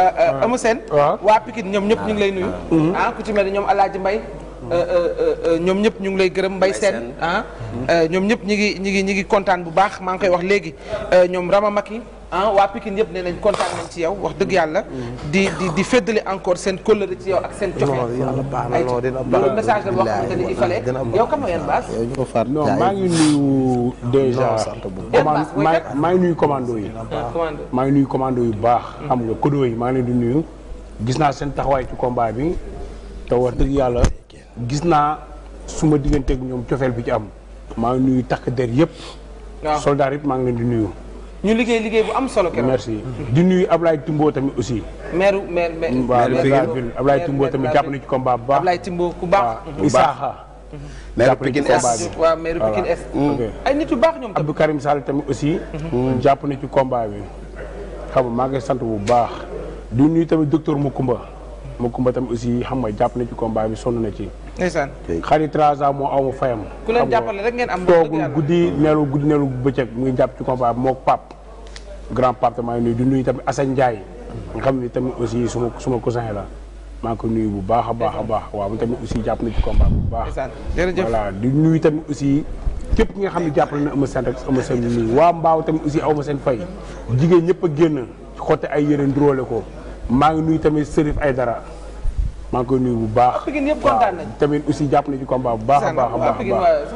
[SPEAKER 1] Eumeu Sène. waa Pikine ñoom ñëpp ñu ngi lay nuyu. ah ku ci mel ne ñoom Alaaji Mbay ñoom ñëpp ñu ngi lay gërëm Mbaye Sène ah. ñoom ñëpp ñi ngi ñi ngi ñi ngi kontaan bu baax maa ngi koy wax léegi ñoom Rama Maki ah waa Pikine yëpp ne nañ kontaan nañ ci yow wax dëgg yàlla. di di di féddali encore seen kóllëre ci yow ak seen. joxe ay loolu message la boo xamante ni il fallait yow kam mooy Yann Baas. non maa maa ngi nuyu commando yi. maa ngi nuyu commando yu baax. xam nga kodo yi maa ngi leen di nuyu. gis naa seen taxawaay ci combat bi te wax dëgg yàlla gis naa suma digganteeg ñoom cofeel bi ci am. maa ngi nuyu takk der yëpp. soldats yëpp maa ngi leen di nuyu. ñu liggéey liggéey bu am solo keroog. merci nuy nuyu Ablaye Timbo tamit aussi. maire maire maire maire Ablaye Timbo tamit jàpp na ci bu baax. Ablaye Timbo ku baax. Isaaxa. maire Pikine Est waaw maire Pikine Est. Mm. baax ñoom tamit. Abdou Karim aussi. Mm-hmm. jàpp na ci combat bi. xam nga maa ngi sant bu baax. du nuy tamit ma docteur ma Mukumba tamit aussi xam nga jàpp na ci combat bi sonn na ci. ndeysaan xarit Trasa moo aw ma fayam. ku leen jàppale rek ngeen am toogul guddi nelu guddi nelu bëccëg mu ngi jàpp ci combat bi moog Pape grand partenaire maa ngi nuyu di nuyu tamit Assane Ndiaye nga xam ni tamit aussi suma suma cousin la maa ngi ko nuyu bu baax a baax a baax waaw mu tamit aussi jàpp na ci combat bu baax voilà di nuyu tamit aussi képp ki nga xam ne jàppale na ama seen rek ama seen waa mbaaw tamit aussi aw ma seen fay jigéen ñëpp a génn xotte ay yére ndróole ko maa ngi nuyu tamit ay dara maa ngi koy bu baax tamit aussi jàpp na ci bu baax a a baax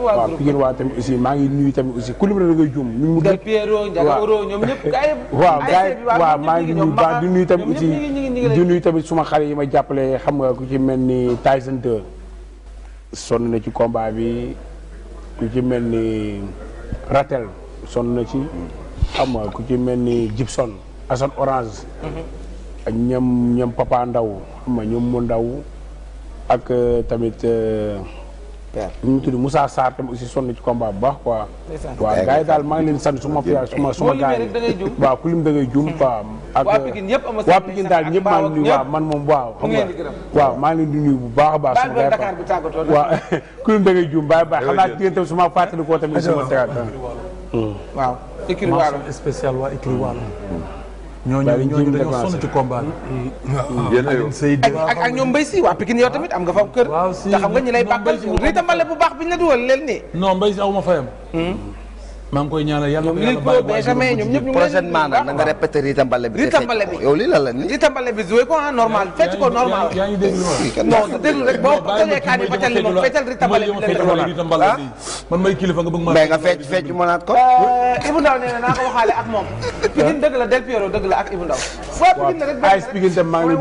[SPEAKER 1] waaw Pikine waa tamit aussi maa ngi nuyu tamit aussi ku lim da ngay juum ñu mu waaw gars yi maa ngi nuyu tamit aussi di nuyu tamit suma xale yi ma jàppale xam nga ku ci mel ni Tyson 2 na ci combat bi ku ci mel ni Ratel son na ci xam nga ku ci mel ni Gibson Assane Orange mhm. ak ñoom ñoom papa ndaw xam nga ñoom mu ndaw ak euh, tamit. ñu euh, tudd Moussa Sarr tam aussi sonn ci combat bu baax quoi. waaw gars yi daal maa ngi leen sant suma fiyaa suma suma gars yi waaw ku lim da ngay jum quoi. ak waa euh, Pikine daal ñëpp maa ngi nuyu waaw man moom waaw. xam nga waaw maa ngi leen di nuyu bu baax a baax. suma gars yi waaw ku lim da ngay jum baax a baax xam naa jigéen tam suma fàttali koo tamit suma tegaat. waaw. écrit waalo spécial waa écrit waalo ñooñu ñooñu dañoo sonn ci combat bi. Mm-hmm. Ah, ah, ak ak ñoom Mbaye si waa Pikine yow tamit am nga fa kër. waaw si te xam nga ñi lay bàkkal riita mbale bu baax bi ñu la duwal leen nii. noo Mbaye si aw ma yam hmm? maa ngi koy ñaanal yàlla na ko yàlla bàyyi jamais ñoom ñëpp ñu prochainement nag na nga répété Rita Mbale bi Rita Mbale bi yow lii la la ni Rita Mbale bi joué ko ah normal fecc ko normal yaa ngi déglu non déglu rek boo tëjee kaani feccal li moom feccal Rita Mbale bi man may kilifa nga bëgg ma mais nga fecc fecc mu naat ko euh, Ibou Ndaw nee na naa ko waxaale ak moom Pikine dëgg la Del Piero dëgg la ak Ibou Ndaw waaw Pikine rek ay Pikine dem maa ngi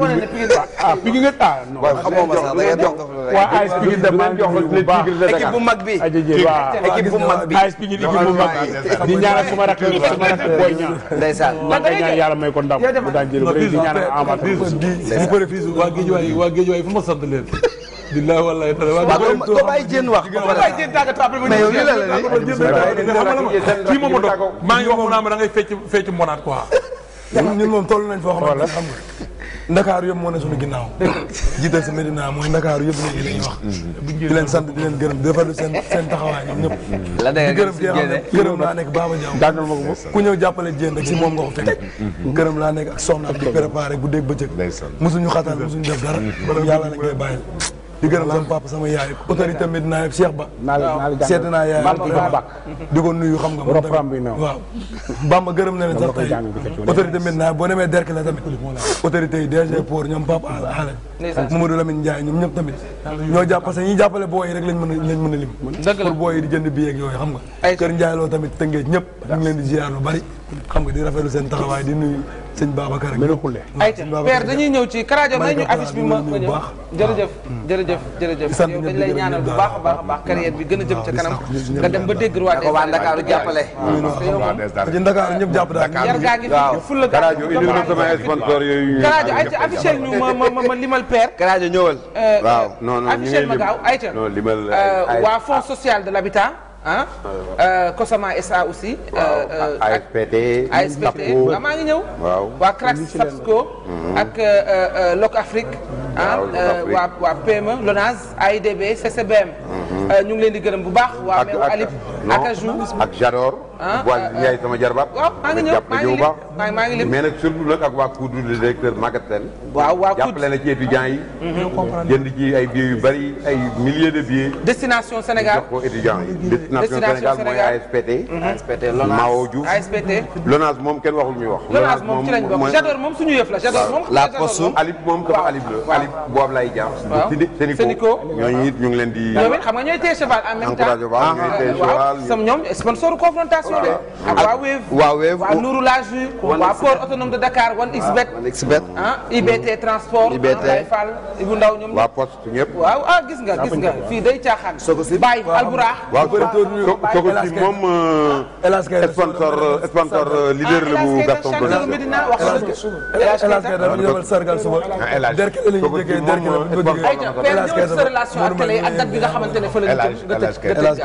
[SPEAKER 1] ah Pikine nga ah non xamoo ma sax da nga jox waaw ay Pikine dem maa ngi jox la équipe bu mag bi équipe bu mag bi di ñaanal suma rakk suma rakk booy ñaan ndeysaan man kay ñaan yàlla may ko ndam bu daan jël bëri di ñaanal Amath bu bëri fii waa géej waay waa géej waay fu ma wallahi taala waa ko bàyyi jën wax bàyyi jën tàggatoo après mais ma dox maa ngi wax mu naa ma da ngay fecc fecc mbonaat quoi ñun moom toll nañ foo xam ne ndakaaru yëpp moo ne suñu ginnaaw jiital sa Medina mooy ndakaaru yëpp léegi lañuy wax di leen sant di leen gërëm di defalu seen seen taxawaay ñoom ñëpp
[SPEAKER 2] la dégg gërëm ki nga xam ne
[SPEAKER 1] gërëm laa nekk Baba Diaw daanal ma ku ñëw jàppale jéen rek si moom nga ko fekk gërëm laa nekk ak soxna di préparé bu dégg bëccëg mosuñu xatal mosuñu def dara yàlla la ngay bàyyil di gërëm sama papa sama yaay autorité tamit naa yëpp Cheikh Ba. seet naa yaay di ko nuyu xam nga. Bamba gërëm na leen sax tey autorité tamit naa boo demee derk la tamit autorité yi DG Port ñoom Papa jàpp parce jàppale booy rek lañ mën a lañ mën a lim pour booy yi di jënd bi yeeg yooyu xam nga kër Ndiaye loo tamit tëngeej ñëpp ñu ngi leen di ziar lu bari xam nga di rafetlu seen taxawaay di nuyu sëñ Babacar mën a xulle ay père dañuy ñëw ci Karajo may ñu affiche bi ma ma ñëw jërëjëf jërëjëf jërëjëf yow a baax a baax carrière bi gën a jëm ca kanam nga dem ba dégg waa waa Ndakaaru jàppale parce que Ndakaaru ñëpp jàpp daal yar gaa ngi fi fulla Karajo indi na sama sponsor yooyu Karajo ay ca affiche ñu ma ma ma limal père Karajo ñëwal euh, waaw non non euh, waa fonds social de l'habitat ah. COSAMA euh, SA aussi. waaw ASPT.
[SPEAKER 3] ASPT waaw maa ngi ñëw. waaw waa CRAC SAPSCO. Mm-hmm. ak
[SPEAKER 1] euh, euh, Loc Afrique. Ah, euh, waa waa PME e, ay AIDB CCBM mhm. euh, ñu ngi leen di gërëm bu baax waa meew alib ak ajou ak Jador ah, bois Ndiaye euh, sama jarbaat waaw maa ngi ñëw maa mais nag surtout nag ak waa COUD le directeur Maguette Sène waaw waa COUD jàppale na ci étudiants yi mhm. jënd ci ay billets yu bari ay milliers de billets destination Sénégal jox ko étudiants yi destination mooy ASPT mhm. ASPT LONAS Mao Diouf ASPT moom kenn waxul ñuy wax LONAS moom ci lañ bokk Jador moom suñu yëf la Jador la poste alib moom sama alib la Malick bu Ablaye Dia. waaw Sénico ñooñu it ñu ngi leen di. ñoom xam nga ñooy téye cheval en même ñooy ah, téye ah, cheval. ñoom ñoom sponsor confrontation de. ak waa Wave. waa Wave waa Nourou la Ju. waa port autonome de Dakar wan Xbet. wan Xbet ah IBT transport. IBT Baye Fall Ibou Ndaw ñoom. waa poste ñëpp. waaw ah gis nga gis nga fii day caaxaan. Soko si Baye Alburax. waaw Soko si euh, euh, ah, leader la bu Gaston Production. El Hadj Keita relation ak télé ak date bi nga xamante ne fële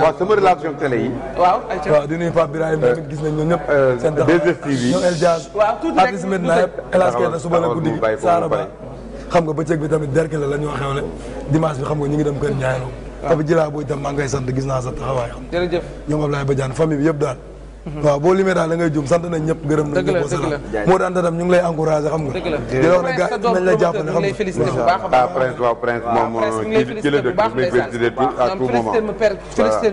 [SPEAKER 1] waaw sama relation ak télé yi. waaw ayca waaw di nuyu Pape Birahim tamit euh, gis nañ ñoom ñëpp. Euh, seen taxawaay ñoom El Diaz. waaw tuuti rek tuuti El Hadj Keita suba la guddi gi Saara Ba xam nga bëccëg bi tamit derke la la ñoo xewle dimanche bi xam nga ñu ngi dem kër Ndiaye Lo. waaw Pape Djilabo itam maa ngi koy sant gis naa sa taxawaay. jërëjëf ñoom Ablaye Badiane famille bi yëpp daal waaw boo limee daal da ngay jum na nañ ñëpp gërëm nañ ñëpp wasalaam moo daan tam ñu ngi lay encouragé xam nga di la wax ne gars nañ la jàppale xam nga prince waaw prince moom ci la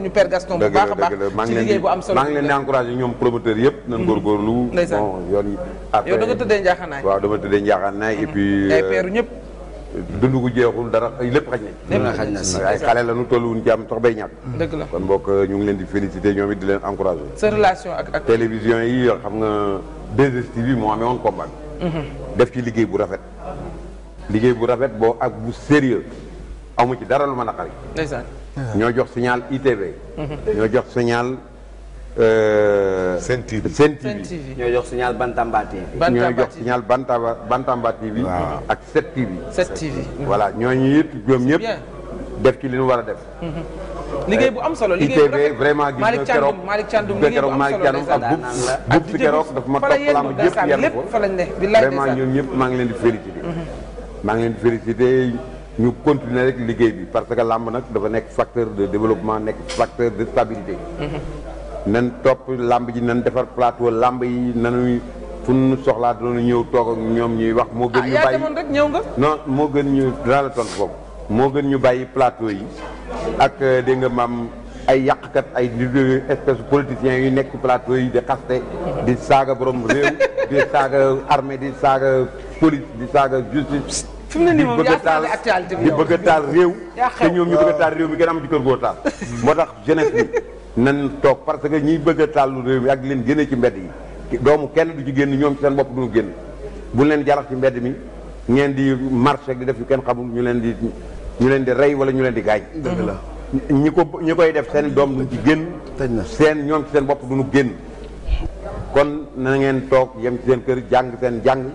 [SPEAKER 1] ñu père Gaston bu baax a baax maa ngi leen maa ngi leen di encouragé ñoom promoteur yëpp nañ mm-hmm. góorgóorlu bon yoon yi après yow da nga tëddee njaaxaanaay waaw dama tëddee njaaxaanaay et puis ay peeru euh, dund gu jeexul dara lépp xaj nañ. lépp xaj na si ay xale la nu toll wuñ jàmm tax bay ñàkk. kon mbokk ñu leen di féliciter ñoom it di leen encourager. sa relation télévision yi xam nga 2STV moo amee woon combat mhm. def ci liggéey bu rafet. liggéey bu rafet boo ak bu sérieux amu ci dara lu mën a xari. ndeysaan ñoo jox signal ITV. Mhm. ñoo jox signal. Euh, Sen TV Sen TV ñoo jox signal Bantamba TV. ñoo jox signal Bantamba Bantamba TV. ak Set TV. Set TV voilà ñooñu it ñoom ñëpp. def ci li ñu war a def. Mm-hmm. liggéey bu am solo liggéey bu rafet vraiment gis nga keroog Malick Thiandoum Malick Thiandoum Malick Thiandoum ak bu bu fi keroog dafa ma topp lamb yëpp yenn ko vraiment ñoom ñëpp maa ngi leen di félicité. Mm-hmm. maa ngi leen di félicité ñu continuer rek liggéey bi parce que lamb nag dafa nekk facteur de développement nekk facteur de stabilité. Mm-hmm. nan topp làmb ji nan defar plateau làmb yi nanuy fu nu soxlaa doon ñëw toog ñoom ñuy wax. moo gën ah, ñu bàyyi rek ñëw nga. non moo gën ñu la tontu foofu moo gën ñu bàyyi plateau yi ak euh, dégg nga maam ay yàqkat ay di espèce politiciens yu nekk ci plateau yi di xaste di saaga borom réew di saaga armée di saaga police di saaga justice. fi mu ne nii moom yaa xam ne actualité bi a taal réew. te ñoom ñu bëgg a taal réew mi gën am ci kër goo taal. moo tax jeunesse bi. nan toog parce que ñiy bëgg a tàllu réew mi ak leen génne ci mbedd yi doomu kenn du ci génn ñoom ci seen bopp duñu génn bu leen jarax mbedd mi ngeen di marché di def yu kenn xamul ñu leen di ñu leen di rey wala ñu leen di gaañ la ñi ko ñi koy def seen doom duñ ci génn seen ñoom ci seen bopp duñu génn kon na ngeen toog yem ci seen kër jàng seen jàng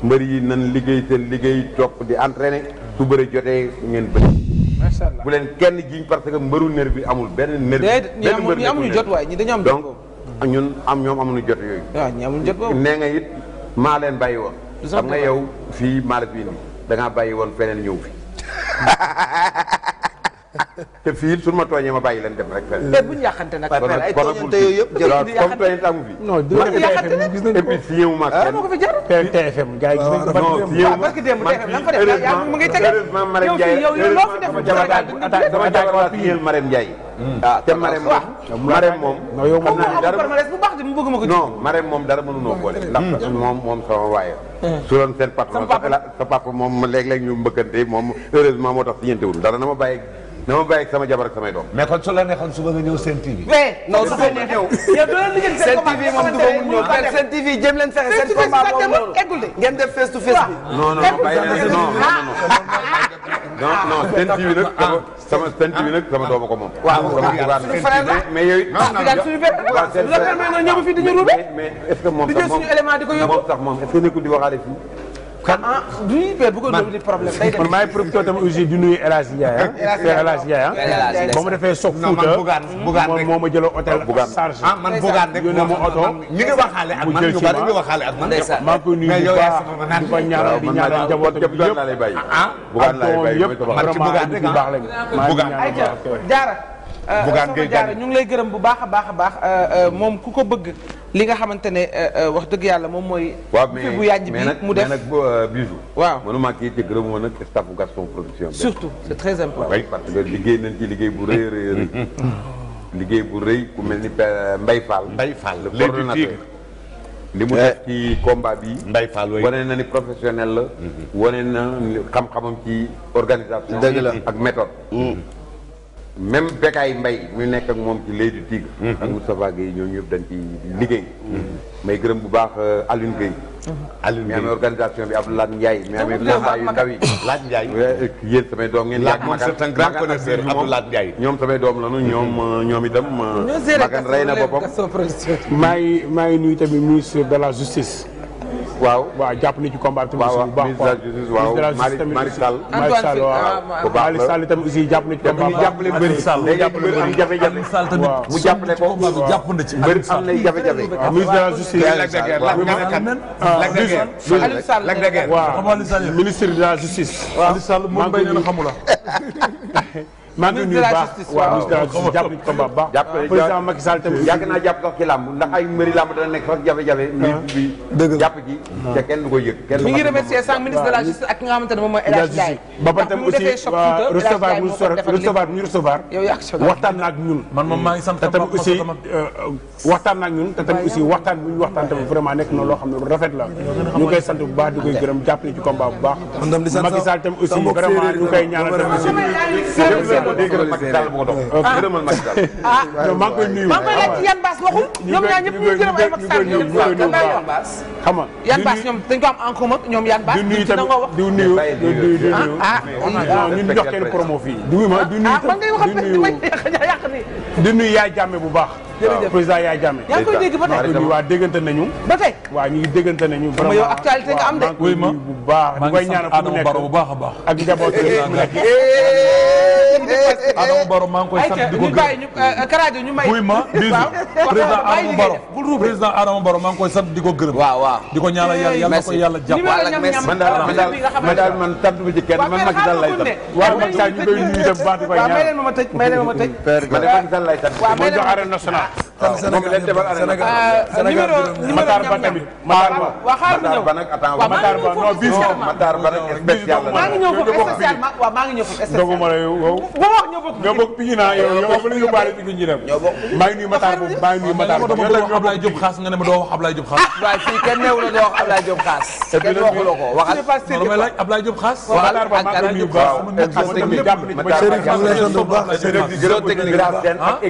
[SPEAKER 1] mbër yi nan liggéey seen liggéey toog di entraîné su bëri jotee ngeen bëri macha bu leen kenn jiñ parce que mbëru nerf bi amul benn nerf bi benn mbër ñi amuñu jot waay ñi dañu am jot donc ñun am ñoom amuñu jot yooyu waaw ah, ñi amuñu jot boobu nee nga maa leen bàyyi woon xam nga yow fii maa la fi indi da bàyyi woon feneen ñëw fi ak te fii su ma tooñee ma bàyyi leen dem rek. mais bu ñu yàqante nag. kon nag kon nag yëpp jël comme tooñante amu fi. non du gis nañ ma ah, kenn. fi jar. TFM gars yi gis si ñëw ma man mm. ah, te Marème moom. Ah, Marème moom. non yow moom dara bu baax de mu bëgg ma ko. non Marème boole. Mm. ndax moom moom sama waaye. Mm. su doon seen patron sa papa moom léeg-léeg ñu mbëkkante moom heureusement moo tax si ñeentewul dara na ma bàyyi na ma bàyyi sama jabar ak samay doom. mais kon su la neexoon suba nga ñëw Sen TV. non su ko ñëw. yow doo leen liggéey seen combat bi moom du ko mun ñëw Sen TV jëm leen fexe seen combat boobu noonu ngeen def face to face bi. non non bàyyi leen non non non Sen TV nag sama Sen TV nag sama doomu ko moom. waaw mais yooyu. mais est-ce que moom sax moom est-ce que nekkul di waxaale fii kan ah du père bu ko di problème day dem man maay profité tamit aussi di nuyu El Hadj Ndiaye ah. El Hadj Ndiaye ah. ba mu defee soog Fuuta ah. moom moo ma jëloo hôtel ak charge. Ah, man bugaan rek yónnee oto. ñu ngi waxaale ak man ñu bari waxaale ak man. maa ngi koy nuyu bu baax di ko ñaanal di ñaanal njabootam yëpp. ah ak ah. doom yëpp vraiment bu baax lañu. maa ngi ñaanal bu baax Euh, Bougane Gueye Dany ñu ngi lay gërëm bu baax a baax baax euh, euh, moom ku ko bëgg li nga xamante ne wax dëgg yàlla moom mooy. fi bu yànj bi mu def waaw waaw mënuma kii te nag staff Gaston production. surtout c'est très important. liggéey nañ ci liggéey bu rëy rëy liggéey bu rëy ku mel ni Mbaye Fall. Mbaye Fall le coordonnateur li mu def eh. ci combat bi. Mbaye Fall wane na ni professionnel la. Mhm. wane na xam-xamam ci organisation. ak méthode. Mm. même Bécaye mbay mu nekk ak moom ci Lady Tigre mhm. ak Moustapha Gueye ñooñu ñëpp dañ ci liggéey mhm. may gërëm bu baax euh, Alioune Gueye mhm. Alioune mi amee organisation bi Abdoulaye Ndiaye mi amee combat yu ndaw yi Laat Ndiaye yéen samay doom ngeen yàgg magan c'est un grand connaisseur Abdoulaye Ndiaye ñoom samay doom lanu ñoom euh, ñoom itam euh, magan rey na boppam maa ngi maa ngi nuyu tamit ministre de la justice waaw waaw jàpp na ci combat bi tamit bu baax waaw Malick Malick Sall Malick Sall waaw ah, ah, ah. Malick Sall
[SPEAKER 3] tamit aussi jàpp na ci combat bi jàppale bëri Sall day jàppale bëri jafe-jafe Sall tamit mu jàppale ko jàpp na ci bëri am na jafe-jafe ministre de la justice Lac de Guiers waaw
[SPEAKER 1] ministre de la justice Aliou Sall moom bay xamula maa ngi nuyu baax waaw ministre de la justice jàpp ko ba baax président Macky Sall tamit yàgg naa jàpp ko ci làmb ndax ay mbëri làmb dana nekk sax jafe-jafe ah. bi jàpp ci te kenn du ko yëg ñu ngi remercier sànq ministre de la justice ak ki nga xamante ne moom mooy El Hadj Ndiaye ba pare tam aussi recevoir bu recevoir bu ñu recevoir waxtaan na ak ñun man moom maa ngi sant te tam aussi euh, euh, waxtaan na ak ñun te tam aussi waxtaan bu ñu waxtaan tamit vraiment nekk na loo xam ne lu rafet la ñu koy sant bu baax di koy gërëm jàppale ci combat bu baax Macky Sall tam aussi vraiment ñu koy ñaanal tam aussi gërëmal Macky Sall bu ko dox. Ah. gërëmal Macky Sall. ah maa ngi koy nuyu maa ngi koy laaj ci yan baas waxul. Ah, ñoom ñaar ñëpp ñu gërëm ay Macky Sall ñu ngi koy nuyu yan baas. xam nga yan baas ñoom dañ ko am en commun ñoom yan baas. nuyu di ah ah ñun jox kenn promo di ma di nuyu ah, di nuyu yaay jàmme bu baax jërëjëf président Yaya Jammeh. yaa ngi koy dégg ba tey waa déggante nañu. ba tey ñu ngi déggante nañu. vraiment yow actualité nga am de. wuy ma bu baax di koy ñaanal fu mu nekk bu baax a baax. ak njaboot a mu nekk. Eh, eh, eh, Adama Baro maa ngi koy sant di ko gërëm wuy euh, euh, ma bisu président Adama Baro président Adama Baro maa ngi koy sant di ko gërëm. waaw waaw di ko ñaanal yàlla yàlla ko yàlla jàpp. man daal man daal man daal man sant bu ci kenn man Macky Sall lay sant. waaw Macky Sall ñu koy nuyu dem baax di koy ñaanal. waaw may leen ma ma tëj may leen ma ma tëj. man de Macky Sall moom leen defal année nag. numéro Matar Ba tamit. Matar Ba waaw xaaral ma ñëw waaw Matar Ba non bis Matar Ba nag spécial la. maa ngi ñëw foofu spécial waaw maa ngi ñëw foofu spécial. doguma la yow yow. ñoo bokk Pikine naa yow yow yow yow baale Pikine ñu dem. maa ngi nuyu Matar boobu maa ngi nuyu Matar boobu. yow tamit Ablaye Diop xaas nga ne ma doo wax Ablaye Diop xaas. waaw fii kenn newu la doo wax Ablaye Diop xaas. kenn waxuloo ko waxal. loolu may laaj Ablaye Diop xaas. waaw Matar Ba maa ngi nuyu baax. Matar Ba jàpp nañu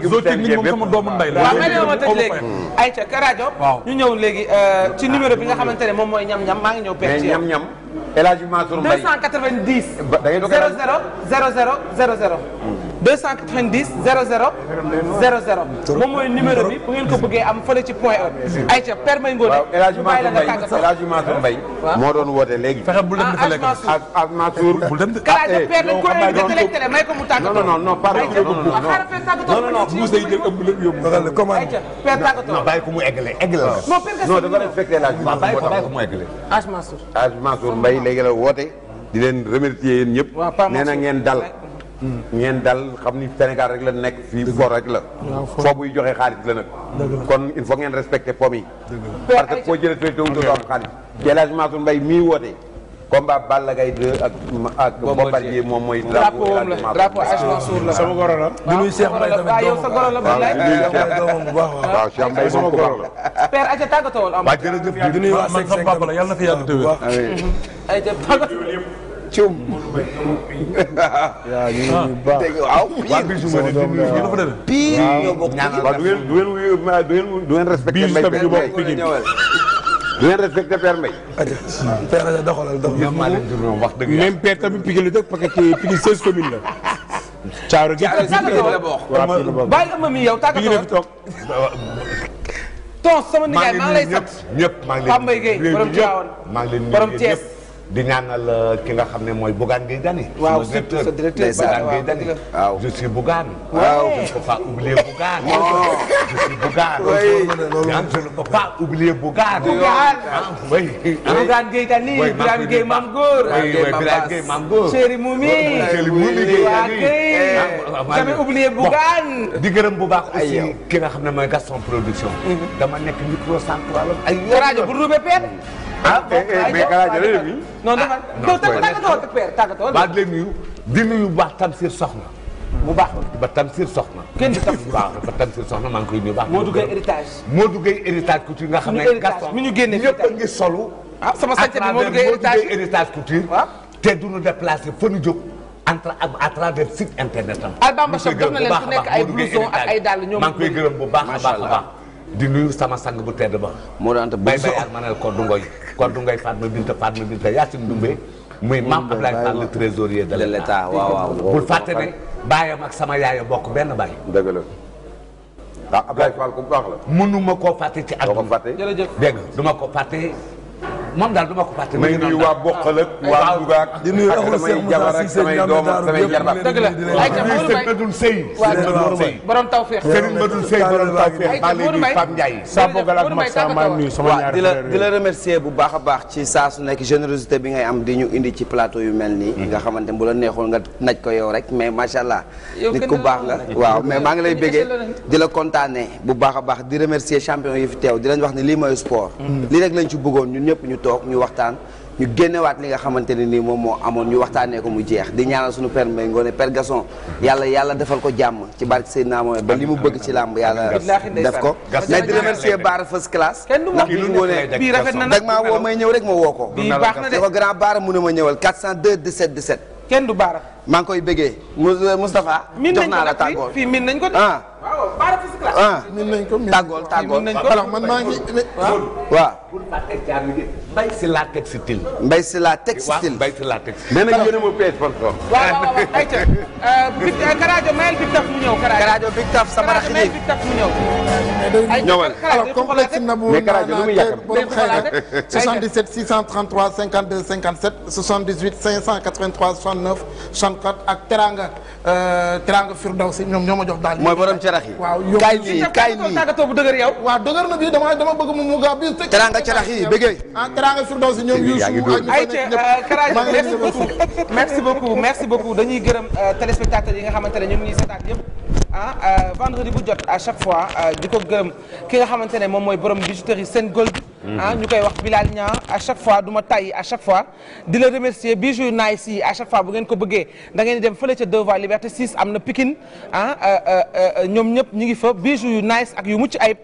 [SPEAKER 1] ko Chérif
[SPEAKER 3] waaw may dama ma tëj léegi
[SPEAKER 1] ayca karajo ñu ñëw léegi euh, ci numéro bi nga xamante ne moom mooy ñam-ñam maa ngi ñëw perte mais ñam-ñam El Hadj Mansour Mbaye 290 00 00 00 290 00 00 moom mooy numéro bi bu ngeen ko bëggee am fële ci point E. ayca Père Mbaye Ngoné. waaw El Hadj Mansour Mbaye moo doon woote léegi. fexe bul dem ah, dëkkale ko ak ak Mansour. bul dem dëkkale eh, ko Père lañ ko doon may ko mu tàggatoo. non non non pardon non non non non buus day jël ëmb lépp yóbbu. comment ayca Père tàggatoo. non bàyyi ko mu eggale eggale la. non Père Gassou non dafa respecté El Hadj Mansour. waaw bàyyi ko mu eggale. El Hadj Mansour Mbaye léegi la woote di leen remercier yéen ñëpp. nee na ngeen dal ngeen dal xam ni Sénégal rek la nekk fii for rek la foo buy joxe xaalis la nag kon il faut ngeen respecté pom yi parce que foo jëlee fee tewu doo am xaalis jelage Mansour Mbaye mii woote combat Balla Gaye 2 ak ak Bombardier moom mooy drapeau drapeau Mansour la sama goro la di nuyu Cheikh Mbaye tamit yow sa goro la bu baax Cheikh Mbaye sama goro la père aja tàggatoo woon am waaw jërëjëf di nuyu waa Seck Seck la yàlla na fi yàgg tëwér cum. waaw ñu ngi ah. baax dégg waaw. waa bii su ma di nuyu ñu dafa demee. pire ñoo bokk waaw du ngeen du ngeen du ngeen respecté mbay bi ñu bokk Pikine du ngeen respecté Père Mbaye. Père la doxalal doxalal. wax dëgg yàlla même Père tamit Pikine la dëkk parce que Pikine seize communes la. Thiaw rek gi yow tàggatoo ton sama nijaay maa ngi lay sant. ñëpp maa ngi leen di nuyu ñëpp maa ngi leen di nuyu ñëpp borom Thiès di ñaanal euh, ki nga xam ne mooy Bougane Gueye Dany. waaw surtout sa directeur Bougane Gueye Dany. waaw je suis Bougane. waaw je ne peux pas oublier Bougane. non je suis Bougane. oui je ne di gërëm bu baax aussi ki nga xam ne mooy Gaston Production. Mhm. dama nekk micro central ay rajo bu Roubé Pène. ah, ah eh, eh, mais Galadio la yëngu. non tàggatoo ak père tàggatoo. maa ngi leen nuyu di nuyu bu baax Tamsir Soxna. bu baax ba Tamsir kenn du Tamsir Soxna ba Tamsir Soxna maa ngi koy baax. moo duggee héritage. moo duggee héritage couture nga xam ne Gaston mi ñu génnee ñëpp a ngi solo. ah sama sànq bi moo duggee héritage couture. te du ñu déplacé fa ñu jóg. entre à travers site internet am. Albamba Sow jox na leen ku ay blouson ak ay dàll ñoom. maa ngi gërëm bu baax a baax a baax di nuyu sama sang bu tedd ba. moo daan bay bayal ma ne Koddu Ngoy Koddu Ngoy Fatma Binta Fatma Binta Yacine Dumbe muy maam Abdoulaye Fall le trésorier de l'État waaw waaw bul fàtte ne sama yaaya bokk benn baay. dëgg la ah Abdoulaye Fall ku baax la. mënuma koo ci àdduna. doo ko fàtte jërëjëf dégg nga du moom daal du ma ko fàtte. ma ngi nuyu waa Boqal ak waa Louga ak. di nuyu ak samay jabar ak samay doom ak samay jarbaat. dëgg la ayca Modou Mbaye Serigne Badul Seye. Serigne Badul Seye borom tawféex. saa di la remercier bu baax a baax ci saa su nekk générosité bi ngay am di ñu indi ci plateau yu mel nii. Mm-hmm. nga xamante bu la neexoon nga naj ko yow rek mais macha allah. nit ku baax nga waaw mais maa ngi lay bëggee di la kontaane bu baax a baax di remercier champion yi fi teew di lañ wax ne lii mooy sport mm-hmm. lii rek lañ ci bëggoon ñun ñëpp ñu toog ñu waxtaan ñu génnewaat li nga xamante ne moom moo amoon ñu waxtaanee ko mu jeex di ñaanal suñu père Mbaye Ngoné père yàlla yàlla defal ko jàmm ci barke Seydina Mohamed ba li mu bëgg ci làmb yàlla def ko nag maa woo may ñëw rek ma woo ko bii baax na de ko grand Baara mu ne ma ñëwal 402 17 17 kenn du Baara maa koy bëggee Moustapha jox naa la tàngoor ah min nañ ko min tàggool tàggool alors man maa ngi. waaw waaw. mbay si la textile. mbay si la textile mbay si la textile. dana gën a ma pees fan. waaw waaw waaw ayca. Euh, bi euh, Karajo mayel bi taf mu ñëw. Karajo bi taf sama rax yi taf mu ñëw. ñëwal alors complexe na bu mais Karajo lu muy yàqal borom xëy na 77 633 52 57 78 583 69 64 ak Teranga euh, Teranga Firdawsi ñoom ñoo ma jox daal. mooy borom ci cerax yi. waaw yow kaay nii kaay nii tàggatoo bu dëgër yow. waaw dëgër na bii dama dama bëgg mu mu gaaw bi. teraanga cerax yi bëggee. ah teraanga Firdawsi ñoom yu euh, merci beaucoup merci beaucoup merci beaucoup dañuy gërëm euh, téléspectateurs yi nga xamante ne ñoom ñuy seetaat yëpp ah euh, vendredi bu jot à chaque fois di ko gërëm ki nga xamante ne moom mooy borom bijouterie Sen Gold ah ñu koy wax Bilal Niang à chaque fois du ma tàyyi chaque fois di la remercier bijoux yu nice yi à chaque fois bu ngeen ko bëggee da ngeen di dem fële ca deux liberté 6 am na Pikine ah euh, euh, euh, ñoom ñëpp ñu ngi fa bijoux yu nice ak yu mucc ayib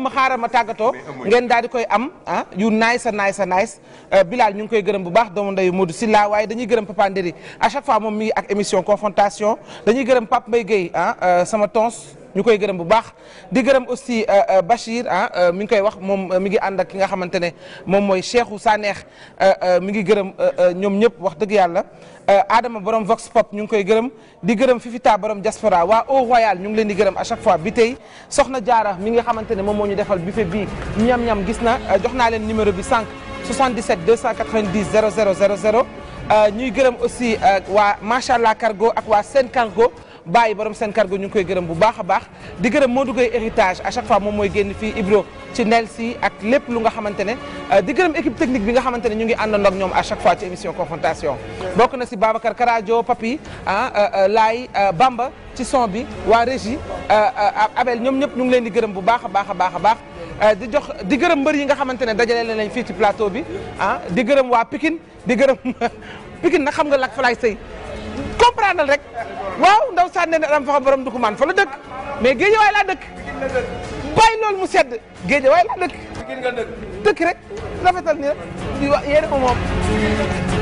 [SPEAKER 1] ma xaaral ma tàggatoo ngeen daal di koy am ah yu nice a nice a nice Bilal ñu ngi koy gërëm bu baax doomu ndeyu si Silla waaye dañuy gërëm Papa Ndéri à chaque fois moom mi ngi ak émission confrontation dañuy gërëm Pape Mbaye Gueye ah, sama tons ñu koy gërëm bu baax di gërëm aussi euh, euh, Bachir ah euh, mi ngi koy wax moom mi ngi ànd ak ki nga xamante ne moom mooy Cheikhou Saneex mi ngi gërëm ñoom ñëpp wax dëgg yàlla Adama borom Vox Pop ñu ngi koy gërëm di gërëm Fifita borom Diaspora waa Eau ñu ngi leen di gërëm à chaque fois bi tey soxna Jaara mi nga xamante ne moom moo ñu defal buffet bii ñam-ñam gis na jox naa leen numéro bi sànq 77 290 0000 ñuy gërëm aussi waa Machallah Cargo ak waa Sen Cargo bàyyi borom seen cargo ñu ngi koy gërëm bu baax a baax di gërëm moo duggee héritage à chaque fois moom mooy génn fii Ibro ci ndel ak lépp lu nga xamante ne euh, di gërëm équipe technique bi nga xamante ne ñu ngi àndandoo ak ñoom à chaque fois ci émission confrontation si Babacar Karajo Papi ah euh, euh, Laay Bamba ci son bi waa régie Abel ñoom ñëpp ñu ngi leen di gërëm bu baax a baax a baax a baax di jox di gërëm mbër yi nga xamante ne dajale leen lañ fii ci plateau bi ah, di gërëm waa pikin di gërëm Pikine na xam nga lak fa laay sëy comprendre rek waaw ndaw saan ne dam faxa borom du ko man la dëkk mais géejawaay laa dëkk bàyyi loolu mu sedd géejawaay laa dëkk dëkk rek rafetal ni rek di wax yéene ko moom